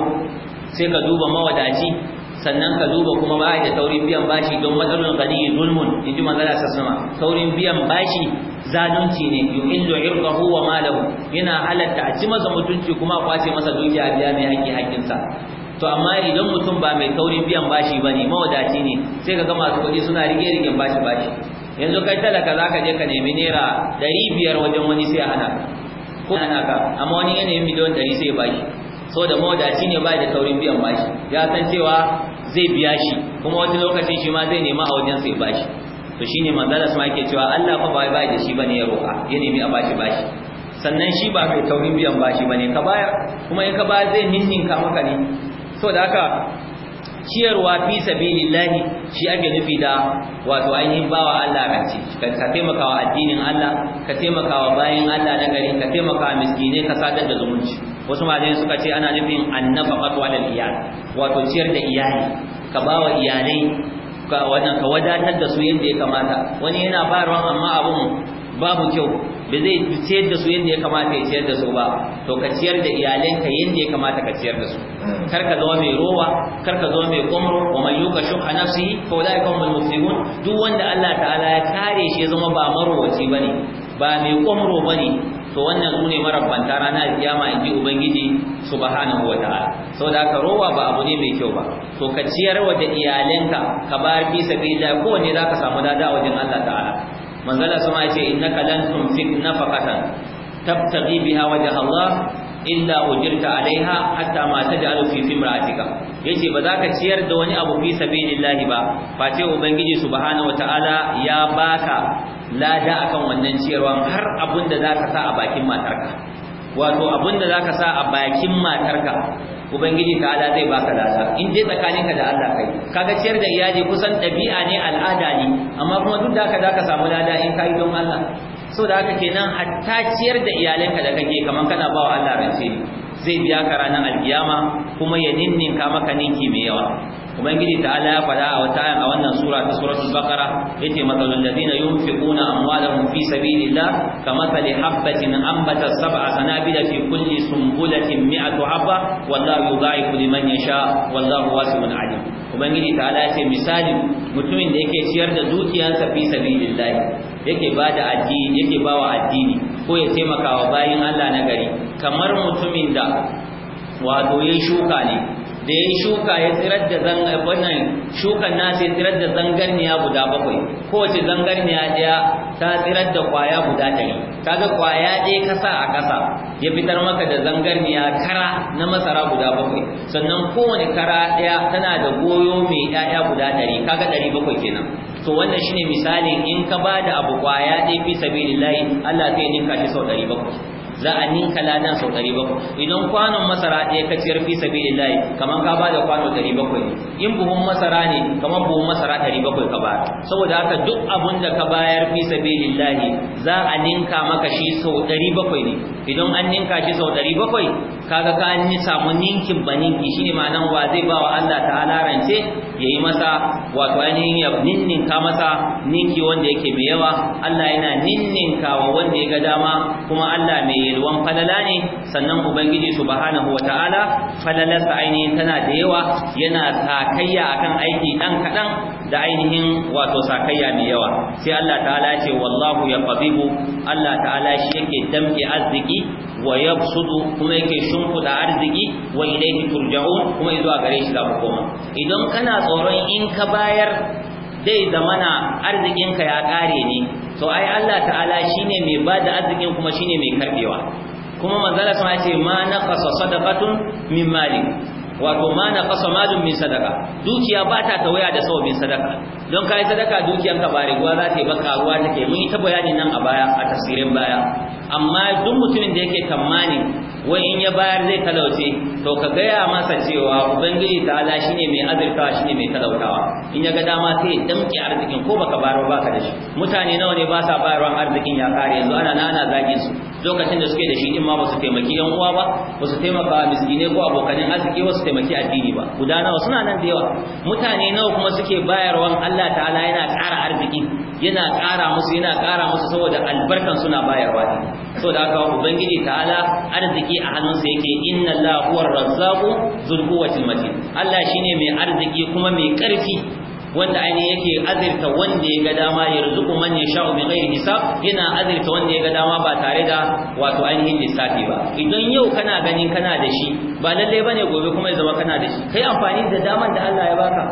sai ka duba mawadaci sannan ka duba kuma ba da saurin biyan bashi don matsalolin gani zulmun inji ji manzala sassama saurin biyan bashi zalunci ne yu'illu irqahu wa malahu yana halatta a ci masa mutunci kuma kwace masa dukiya biya mai haƙƙi hakinsa. to amma idan mutum ba mai saurin biyan bashi bane mawadaci ne sai ka ga masu kuɗi suna rige rigen bashi bashi yanzu kai talaka zaka je ka nemi naira ɗari biyar wajen wani sai hana ko hana ka amma wani yanayin miliyon ɗari sai bashi so da mawadaci ne ba da saurin biyan bashi ya san cewa zai biya shi kuma wani lokaci shi ma zai nema a wajen sai bashi to shine manzala sama yake cewa Allah fa bai ba da shi bane ya roƙa ya nemi a bashi bashi sannan shi ba mai taurin biyan bashi bane ka bayar kuma in ka ba zai ka maka ne saboda haka ciyarwa fi sabilillahi shi ake nufi da wato ainihin bawa Allah rance ka wa addinin Allah ka wa bayan Allah na gari ka wa miskinai ka sadar da zumunci wasu malamai suka ce ana nufin annafaqatu alal iyal wato ciyar da iyali ka ba wa iyalai ka wadatar da su yadda ya kamata wani yana ba ruwan amma abun babu kyau ba zai ciyar da su yadda ya kamata ya ciyar da su ba to ka ciyar da iyalai ka yadda ya kamata ka ciyar da su kar ka zama mai rowa kar ka zama mai kumro wa man yuka shuha nafsi fa ulai ka mai muflihun duk wanda Allah ta'ala ya tare shi ya zama ba marowaci bane ba mai kumro bane to wannan su ne marabbanta ranar kiyama in ji ubangiji subhanahu wa ta'ala saboda ka rowa ba abu ne mai kyau ba to ka ciyar wa da iyalanka ka bar fi ko ne zaka samu dada wajen Allah ta'ala manzala sama ya ce innaka lan tunfik nafaqatan tabtaghi biha wajha Allah illa ujirta alaiha hatta ma taj'alu fi fimratika yace ba za ka ciyar da wani abu fi sabilillahi ba face ubangiji subhanahu ta'ala ya baka lada akan wannan ciyarwa har abin da za sa a bakin matarka wato abin da za sa a bakin matarka ubangiji ta ala zai baka lada in dai tsakaninka da Allah kai kaga ciyar da iyali kusan dabi'a ne al'ada ne amma kuma duk da haka za samu lada in ka yi don Allah so da haka kenan hatta ciyar da iyalanka da kake kaman kana bawa Allah rance zai biya ka ranar alkiyama kuma ya ninninka maka ninki mai yawa ubangiji ta'ala ya faɗa a wata a wannan sura ta suratul baqara yace matalul ladina yunfiquna amwalahum fi sabilillah kamathali habatin ambatat sab'a sanabila fi kulli sumbulatin mi'atu habba wallahu yudha'ifu liman yasha wallahu wasi'un alim ubangiji ta'ala yace misali mutumin da yake ciyar da dukiyarsa fi sabilillah yake bada addini yake bawa addini ko ya taimaka wa bayin Allah na gari kamar mutumin da wato ya shuka ne da ya shuka ya tsirar da zangar wannan shukan nasu ya tsirar da zangarniya guda bakwai kowace zangarniya ɗaya ta tsirar da kwaya guda ɗari kaga kwaya ɗaya kasa a ƙasa ya fitar maka da zangarniya kara na masara guda bakwai sannan kowane kara ɗaya tana da goyo mai ɗaya guda ɗari kaga ɗari bakwai kenan to wannan shine misali in ka bada abu kwaya ɗaya fi sabilillahi Allah zai ninka shi sau ɗari bakwai za a ninka ladan sau 700 idan kwanon masara ɗaya ka ciyar fi sabilillahi kaman ka bada kwano 700 in buhun masara ne kaman buhun masara 700 ka ba. saboda haka duk abun da ka bayar fi sabilillahi za a ninka maka shi sau 700 ne idan an ninka shi sau 700 kaga ka an samu ninkin ninki? baninki shine ma'anan wa zai ba wa Allah ta'ala rance yi masa wato ainihin ya ninninka masa ninki wanda yake mai yawa Allah yana ninninka wa wanda ya ga dama kuma Allah mai mai falala ne sannan ubangiji subhanahu wataala falalarsa ainihin tana da yawa yana sakayya akan aiki dan kadan da ainihin wato sakayya mai yawa sai Allah ta'ala ce wallahu yaqbibu Allah ta'ala shi yake damke arziki wa yabsudu kuma yake shunkuda arziki wa ilayhi turja'un kuma zuwa gare shi za ku koma idan kana tsoron in ka bayar zai zamana arzikinka ya kare ne to ai Allah ta'ala shine mai bada arzikin kuma shine mai karbewa kuma manzala sun ce ma naqasa sadaqatun min mali wato ma naqasa malun min sadaqa dukiya ba ta tawaya da sawabin sadaka don kai sadaka dukiyanka ba riguwa za ta yi ba karuwa take mun yi ta bayani nan a baya a tasirin baya amma duk mutumin da yake tamani wai in ya bayar zai talauce to ka gaya masa cewa ubangiji ala shine mai azurtawa shine mai talautawa in ya ga dama sai ya damke arzikin ko baka bayar ba ka da shi mutane nawa ne ba sa bayarwa arzikin ya kare yanzu ana nana zagin su lokacin da suke da shi in ma ba su taimaki yan uwa ba ba su taimaka ko abokanin arziki ba su taimaki addini ba guda nawa suna nan da yawa mutane nawa kuma suke bayarwan Allah ta'ala yana ƙara arziki yana ƙara musu yana ƙara musu saboda albarkan suna bayarwa ne saboda haka ubangiji ta'ala arziki a hannunsa yake inna Allah huwar razzaqu dhul quwwatil matin Allah shine mai arziki kuma mai ƙarfi wanda aini yake azirta wanda ya ga dama ya rizuku man ya sha'u bi ghairi hisab yana azirta wanda ya ga dama ba tare da wato ainihin lissafi ba idan yau kana ganin kana da shi ba lalle bane gobe kuma ya zama kana da shi kai amfani da daman da Allah ya baka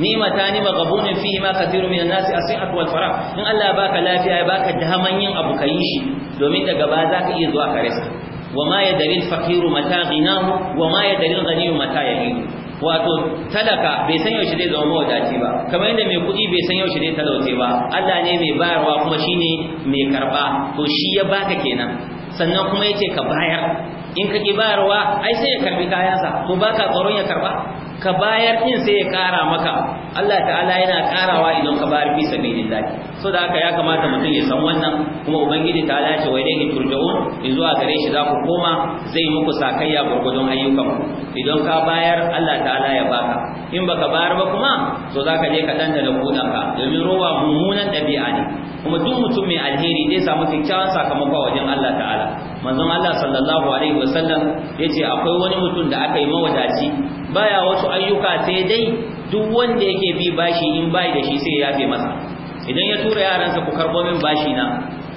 ni'mata ni maghabunin fihi ma kathiru minan nas as wal farah in Allah ya baka lafiya ya baka daman yin abu kai shi domin daga baya zaka iya zuwa ka rasa وما يدري الفقير متى غناه وما يدري الغني متى يهينه wato talaka bai san yaushe zai zama mawadaci ba kamar yadda mai kuɗi bai san yaushe zai talauce ba Allah ne mai bayarwa kuma shine mai karba to shi ya baka kenan sannan kuma yace ka bayar in ka ki bayarwa ai sai ya karbi kayansa to baka tsaron ya karba ka bayar din sai ya kara maka Allah ta'ala yana karawa idan ka bayar fi sabilillah so da haka ya kamata mutum ya san wannan kuma ubangiji ta ce wai dai turja'un in zuwa gare shi za ku koma zai muku sakayya gurgudun ayyukan idan ka bayar Allah ta'ala ya baka in baka bayar ba kuma to zaka je ka danda da ka domin rowa mummunan dabi'a ne kuma duk mutum mai alheri zai samu kyakkyawan sakamako wajen Allah ta'ala manzon Allah sallallahu alaihi wasallam yace akwai wani mutum da aka yi mawadaci baya wasu ayyuka sai dai duk wanda yake bi bashi in bai da shi sai ya yafe masa idan ya tura yaransa ku karbo min bashi na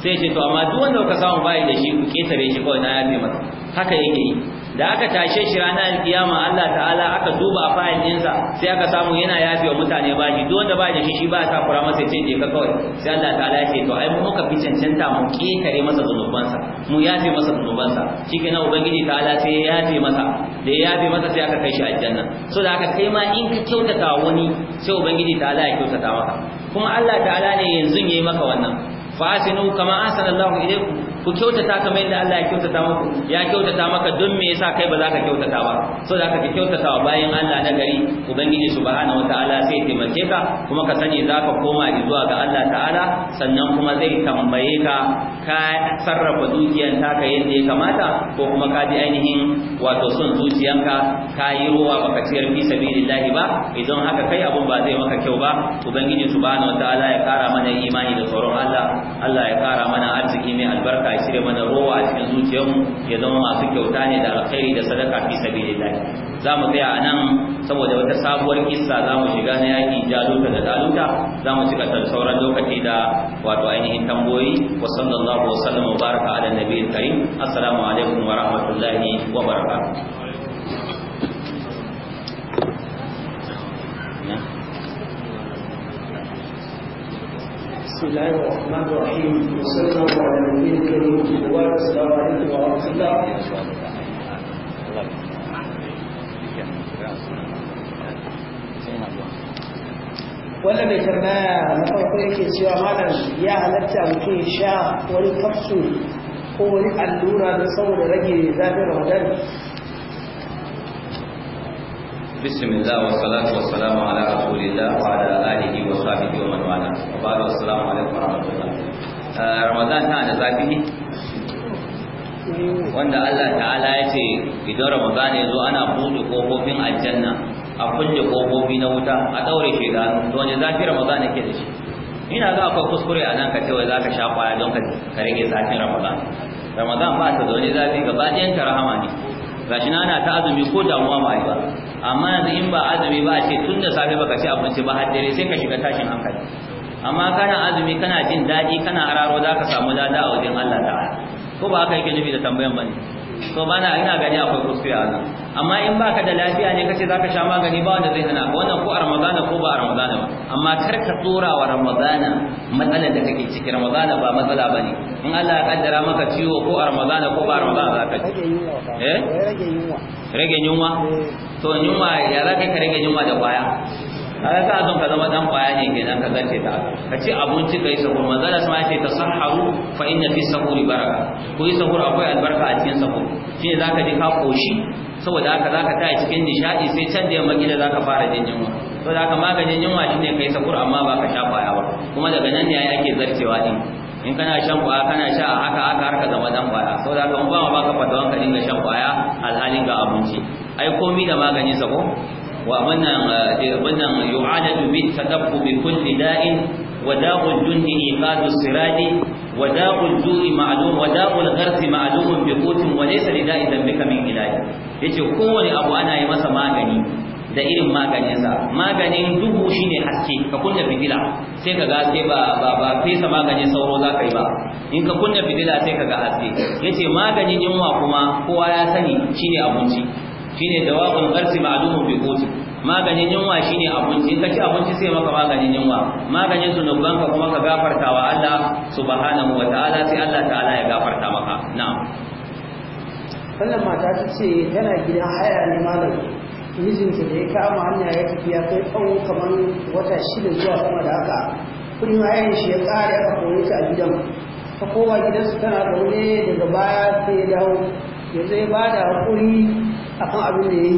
sai ce to amma duk wanda ka samu bai da shi ku ketare shi kawai na yafe masa haka yake yi da aka tashe shi ranar alkiyama Allah ta'ala aka duba fayil ɗinsa sai aka samu yana yafi wa mutane shi duk wanda ba da shi shi ba ta kura masa cin je ka kawai sai Allah ta'ala ya ce to ai mu muka fi cancanta mu kekare masa zunubansa mu yafe masa zunubansa shikenan ubangiji ta'ala sai ya yafe masa da ya yafe masa sai aka kai shi aljanna so da aka kai ma in ka kyautata wani sai ubangiji ta'ala ya kyautata maka kuma Allah ta'ala ne yanzu yayi maka wannan fasinu kama Allahu ilaykum ku kyautata kamar yadda Allah ya kyautata muku ya kyautata maka don me yasa kai ba za ka kyautata ba so da ka kyautata wa bayan Allah na gari ubangiji subhanahu wataala sai taimake ka kuma ka sani za ka koma zuwa ga Allah ta'ala sannan kuma zai tambaye ka ka sarrafa dukiyar taka yadda ya kamata ko kuma ka ji ainihin wato son zuciyanka ka yi ruwa baka ciyar fi sabilillahi ba idan haka kai abun ba zai maka kyau ba ubangiji subhanahu wataala ya kara mana imani da tsoron Allah Allah ya kara mana arziki mai albarka cire mana rowa a cikin zuciyarmu ya zama masu kyauta ne da alkhairi da sadaka fi sabilillah za mu tsaya a nan saboda wata sabuwar kissa za mu shiga na yaƙi jaluta da daluta za mu cika ta sauran lokaci da wato ainihin tamboyi wa sallallahu wa sallam wa baraka ala nabiyil karim assalamu alaikum wa rahmatullahi wa barakatuh بسم da الرحمن الرحيم وصلى الله على النبي الكريم mai tambaya na farko yake cewa malam ya halatta mutum sha wani kapsul ko wani allura don saboda rage zafin ramadan بسم الله والصلاة والسلام على رسول الله وعلى آله وصحبه ومن والاه وبعد السلام عليكم ورحمة الله رمضان كان zafi ne wanda Allah ta'ala ya ce idan Ramadan ya zo ana buɗe kofofin aljanna a kulle kofofi na wuta a daure shi to zafi da shi ina ga akwai kuskure a nan ka ce wai zaka sha kwaya don ka rage zafin Ramadan Ramadan ba ta da wani zafi gaba ɗayan ta rahama ne gashi na ana ta azumi ko damuwa ba ba amma yanzu in ba azumi ba a ce tun da safe baka ci abinci ba har dare sai ka shiga tashin hankali amma kana azumi kana jin daɗi kana araro za ka samu lada a wajen Allah ta'ala ko ba haka yake nufi da tambayan bane to bana ina gani akwai kuskure a nan amma in baka da lafiya ne kace zaka sha magani ba wanda zai hana ka wannan ko a ramadana ko ba a ramadana ba amma kar ka tsora wa ramadana matsalar da kake ciki ramadana ba matsala bane in Allah ya kaddara maka ciwo ko a ramadana ko ba a ramadana zaka ji eh rage yunwa rage yunwa eh. to yunwa ya za ka rage yunwa da kwaya kaga ka son ka zama dan kwaya ne kenan ka zance ta ka ci abinci kai sahur manzo Allah sama ta tasahharu fa inna fi sahuri baraka ko yi sahur akwai albarka a cikin sahur ne zaka ji ka koshi saboda haka zaka ta cikin nishadi sai can da yamma gida zaka fara jin yunwa saboda haka maganin yunwa shine kai sahur amma ba ka sha kwaya ba kuma daga nan ne ake zarcewa din in kana shan kwaya kana sha haka haka har ka zama dan kwaya saboda haka ba ma baka fatawa ka dinga shan kwaya alhalin ga abinci ai komi da magani sako wa wannan wannan eh, yu'adatu bi tadabbu bi kulli da'in wa da'u dunni iqadu sirati wa da'u du'i ma'lum wa da'u al-gharsi ma'lum bi qutin wa laysa li da'in dhanbika min ilahi yace kowani abu ana yi masa magani da irin maganin sa maganin dubu shine haske ka kunna fitila sai ka ga sai ba ba ba fesa maganin sauro za ka yi ba in ka kunna fitila sai ka ga haske yace maganin yunwa kuma kowa ya sani shine abinci shine ba qarsi ma'lumun bi quti maganin yunwa shine abinci kace abinci sai maka maganin yunwa maganin zunuban ka kuma ka gafarta wa Allah subhanahu wa ta'ala sai Allah ta'ala ya gafarta maka na'am wannan mata ta ce tana gidan haya ne malam mijinta da ya kama hanya ya tafi ya kai kamar wata shida zuwa sama da haka kudin hayan shi ya ƙara ya kore ta a gidan ta kowa gidansu tana zaune daga baya sai ya dawo yanzu ya bada hakuri akan abin da yi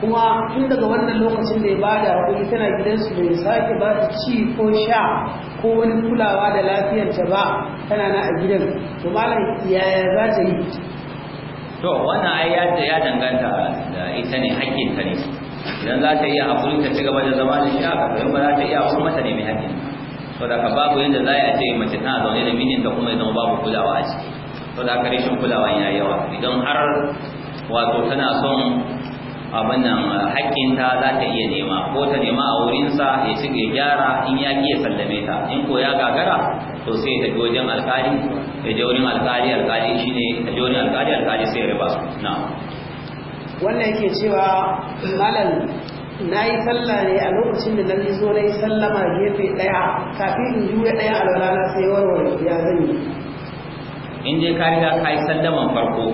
kuma tun daga wannan lokacin da ya bada hakuri tana gidansu bai sake ba ta ci ko sha ko wani kulawa da lafiyarta ba tana na a gidan to malam yaya za ta yi to wannan ai ya danganta da ita ne hakkin ta ne idan za ta iya hakuri ta ci gaba da zama da shi haka to ba za ta iya hakuri mata ne mai hakkin to da ka babu yadda za a ce mace tana zaune da minin da kuma ya zama babu kulawa a ciki to da aka kulawa ya yawa idan har wato tana son abin nan ta za ta iya nema ko ta nema a wurinsa ya ci ya gyara in ya ya sallame ta in ko ya gagara to sai ta tafi wajen alƙali ya je wurin alƙali alƙali shine ta je wurin alƙali alƙali sai ya riba su na wannan yake cewa malam na yi sallah ne a lokacin da nan zo na yi sallama gefe ɗaya kafin in juya ɗaya alwala na sai warware ya zan yi in dai ka riga ka yi sallaman farko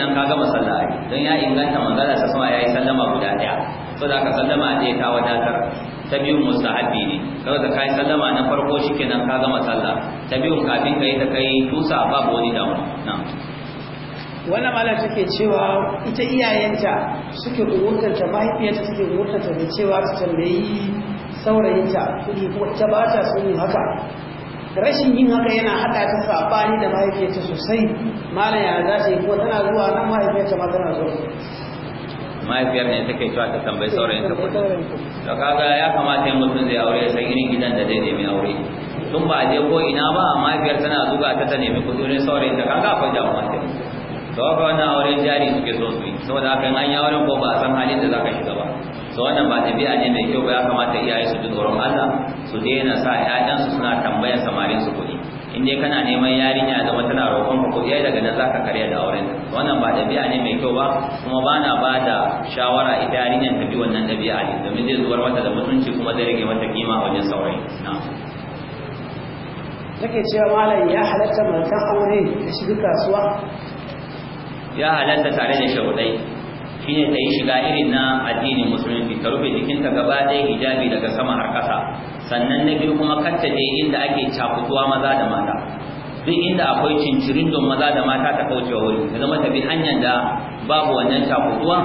nan ka gama sallah don ya inganta manzala sa sama yayi sallama guda daya da ka sallama ɗaya ka wadatar ta biyun mustahabi ne da ka yi sallama na farko nan ka gama sallah ta biyun kafin ka yi ta kai tusa babu wani damu na wannan mala take cewa ita iyayenta suke umurtanta mahaifiyarta suke umurtanta da cewa ta tambayi saurayinta kudi ko ta ba ta son haka rashin yin haka yana hada ta sabani da mahaifiyarta sosai malam ya za ta yi ko tana zuwa nan mahaifiyarta ma tana zuwa mahaifiyar ne take cewa ta tambayi saurayin ta kuɗi to kaga ya kamata yin mutum zai aure sai irin gidan da zai nemi aure tun ba a je ko ina ba mahaifiyar tana zuga ta ta nemi kuɗi ne saurayin ta kaga akwai damuwa ta to haka wannan auren jari suke so su yi saboda haka in an yi auren ko ba a san halin da za ka shiga ba to wannan ba tabi'a ne mai kyau ba ya kamata iyaye su bi tsoron Allah su daina sa ƴaƴansu suna tambayan samarin su kuɗi in dai kana neman yarinya zama tana roƙon ku kuɗi ai daga nan zaka karya da auren wannan ba tabi'a ne mai kyau ba kuma ba na ba da shawara ita yarinyar ta bi wannan tabi'a ne domin zai zuwar mata da mutunci kuma zai rage mata kima a wajen saurayi na take cewa malam ya halatta matan aure da shi kasuwa ya halatta tare da shaudai shine ta yi shiga irin na addinin musulunci ta rufe jikinta gaba ɗaya hijabi daga sama har ƙasa sannan na biyu kuma kanta ta je inda ake cakutuwa maza da mata duk inda akwai cincirin don maza da mata ta kauce wa wuri zama ta bi hanyar da babu wannan cakutuwa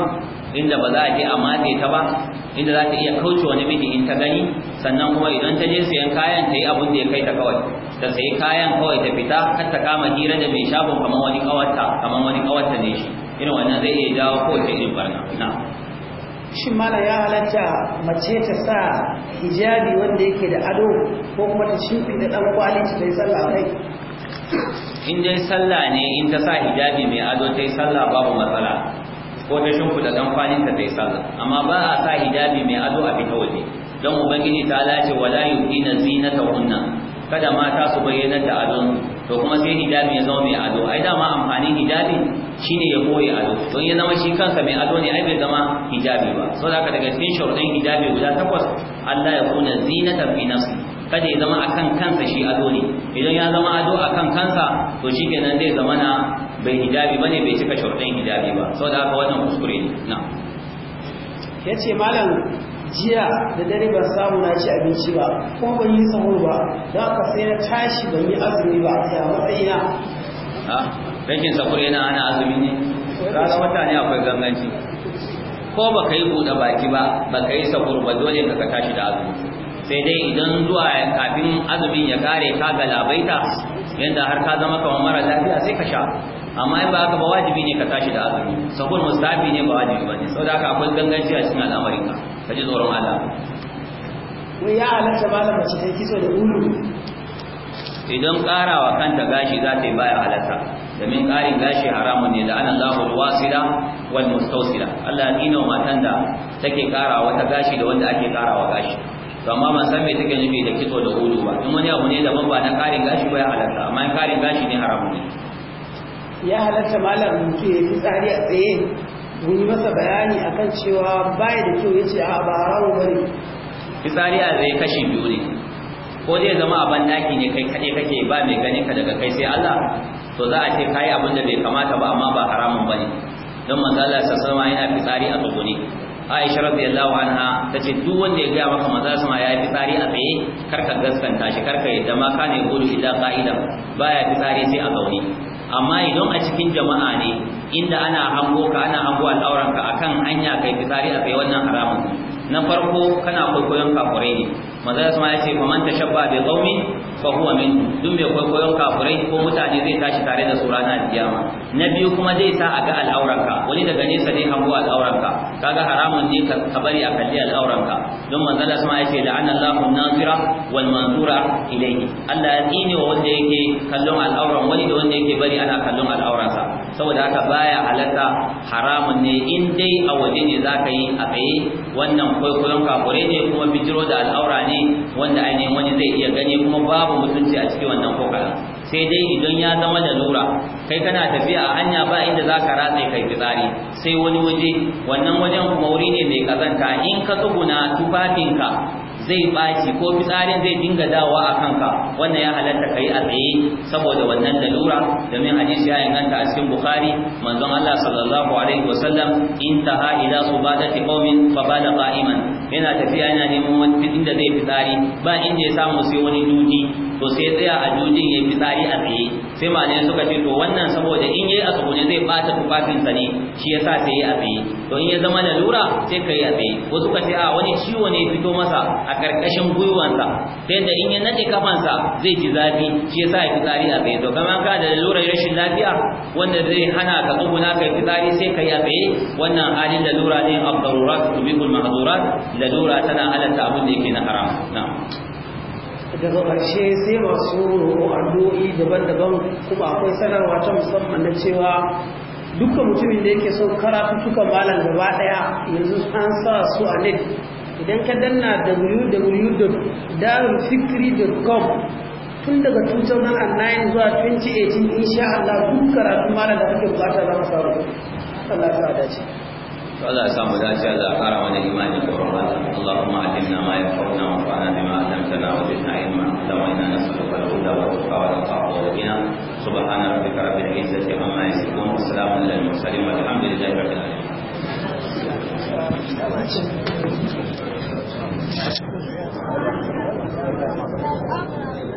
inda ba za a je a matse ta ba inda za ta iya kauce wani miji in ta gani sannan kuma idan ta je sayan kayan ta yi abin da ya kai ta kawai ta sayi kayan kawai ta fita har ta kama hira da mai shagon kamar wani kawarta kamar wani kawarta ne shi irin wannan zai iya jawo kowace irin barna na shin mala ya halatta mace ta sa hijabi wanda yake da ado ko kuma ta shimfi da dan kwali ta yi sallah kai in dai sallah ne in ta sa hijabi mai ado ta yi sallah babu matsala ko ta shimfi da dan kwali ta yi sallah amma ba a sa hijabi mai ado a fita waje don ubangiji ta lace wala zinata zinatahunna kada mata su bayyana da adon to kuma sai hijabi ya zama mai ado ai dama amfani hijabi shine ya boye ado don ya zama shi kansa mai ado ne ai bai zama hijabi ba saboda haka daga cikin sharuɗin hijabi guda takwas Allah ya kuna zinatan fi nafsi kada ya zama akan kansa shi ado ne idan ya zama ado akan kansa to shi kenan zai zama na bai hijabi bane bai cika sharuɗin hijabi ba saboda haka wannan kuskure ne na yace malam jiya da dare ba samu na ci abinci ba ko ban yi sahur ba za ka sai na tashi ban yi azumi ba ya matsayina ah. rashin sakuri yana ana azumi ne ranar mutane akwai ganganci ko ba ka yi buɗe baki ba ba ka yi sakuri ba dole ka ka tashi da azumi sai dai idan zuwa kafin azumin ya kare ka ga labaita yanda har ka zama kamar mara lafiya sai ka sha amma in ba ka ba wajibi ne ka tashi da azumi sakuri mustafi ne ba wajibi ba ne saboda haka akwai ganganci a cikin al'amarin ka ka ji tsoron Allah. Wai ya halatta ba da mace ta kitso da ulu idan karawa kanta gashi za ta yi baya halatta domin karin gashi haramun ne da ana Allahu wasila wal mustawsila Allah ya wa matan da take karawa wata gashi da wanda ake karawa gashi to amma ban san me take nufi da kito da hudu ba in wani abu ne da ban ba na karin gashi ba ya halatta amma in karin gashi ne haramun ne ya halatta malam mutum ya fitsari tsari a tsaye mun yi masa bayani akan cewa bai da kyau yace a ba haramun bane fitsari a zai kashi biyu ne ko zai zama a bandaki ne kai kaɗai kake ba mai ganin ka daga kai sai Allah to za a ce kai abin da bai kamata ba amma ba haramun bane don manzo Allah sallallahu alaihi yana fitsari a tsuguni Aisha radiyallahu anha tace duk wanda ya ga maka manzo sama ya yi fitsari a tsaye karka gaskanta shi karka yadda ma ne gudu ila qa'ida baya fitsari sai a gauri amma idan a cikin jama'a ne inda ana hango ka ana hango al'auranka akan hanya kai fitsari a tsaye wannan haramun na farko kana kwaikwayon kafurai ne manzo sama ya ce faman tashabba bi qaumi fa huwa min dun bai kwaikwayon kafurai ko mutane zai tashi tare da su ranar kiyama na biyu kuma zai sa a ga al'auranka wani daga nesa ne hango al'auranka kaga haramun ne ka bari a kalli al'auranka don manzo sama ya ce la'ana Allahu nazira wal manzura ilayhi Allah ya tsine wa wanda yake kallon al'auran wani da wanda yake bari ana kallon al'auransa saboda haka baya halatta haramun ne in dai a waje ne za ka yi a tsaye wannan kwaikwayon kafure ne kuma bijiro da al'aura ne wanda ainihin wani zai iya gani kuma babu mutunci a cikin wannan kokara sai dai idan ya zama da lura kai kana tafiya a hanya ba inda za ka ratse kai fitsari sai wani waje wannan wajen kuma wuri ne mai kazanta in ka tsuguna tufafinka zai baci ko fitsarin zai dinga dawa a kanka wannan ya halatta kai a tsaye saboda wannan dalura domin hadisi ya inganta a cikin bukhari manzon Allah sallallahu alaihi wasallam intaha ila subadati qaumin ba bada qa'iman yana tafiya yana neman wani inda zai fitsari ba inda ya samu sai wani dudi to sai tsaya a jujin yayi fitsari a tsaye sai malai suka ce to wannan saboda in yayi a zai bata tufafin ne shi yasa sai ya a tsaye to in ya zama lura sai kai a tsaye ko suka ce a wani ciwo ne fito masa a karkashin gwiwansa sai da in ya nade kafansa zai ji zafi shi yasa ya fitsari a tsaye to kamar ka da lalurar rashin lafiya wanda zai hana ka tsuguna kai fitsari sai kai a tsaye wannan halin lalura ne abdarurat tubihul mahdurat lalura tana halatta abin da yake na haram na'am daga ƙarshe sai masu addu'o'i daban-daban kuma akwai sanarwa ta musamman na cewa dukkan mutumin da yake son karatu karatutuka malam gaba ɗaya yanzu an sa su a net idan ka danna www.darulfikri.com tun daga 2009 zuwa 2018 insha Allah duk karatu malam da kake bukata za ka samu Allah ya dace Allah ya sa mu dace da ƙara mana imani da rahmat a alimna ma yanfa'una wa fa'alna bima 'allamtana wa zidna ilma Allahumma inna nas'aluka al-huda wa al-tuqa wa al-taqwa wa al-ghina subhana rabbika rabbil izzati amma yasifun wa salamun alal mursalin walhamdulillahi rabbil alamin Thank you.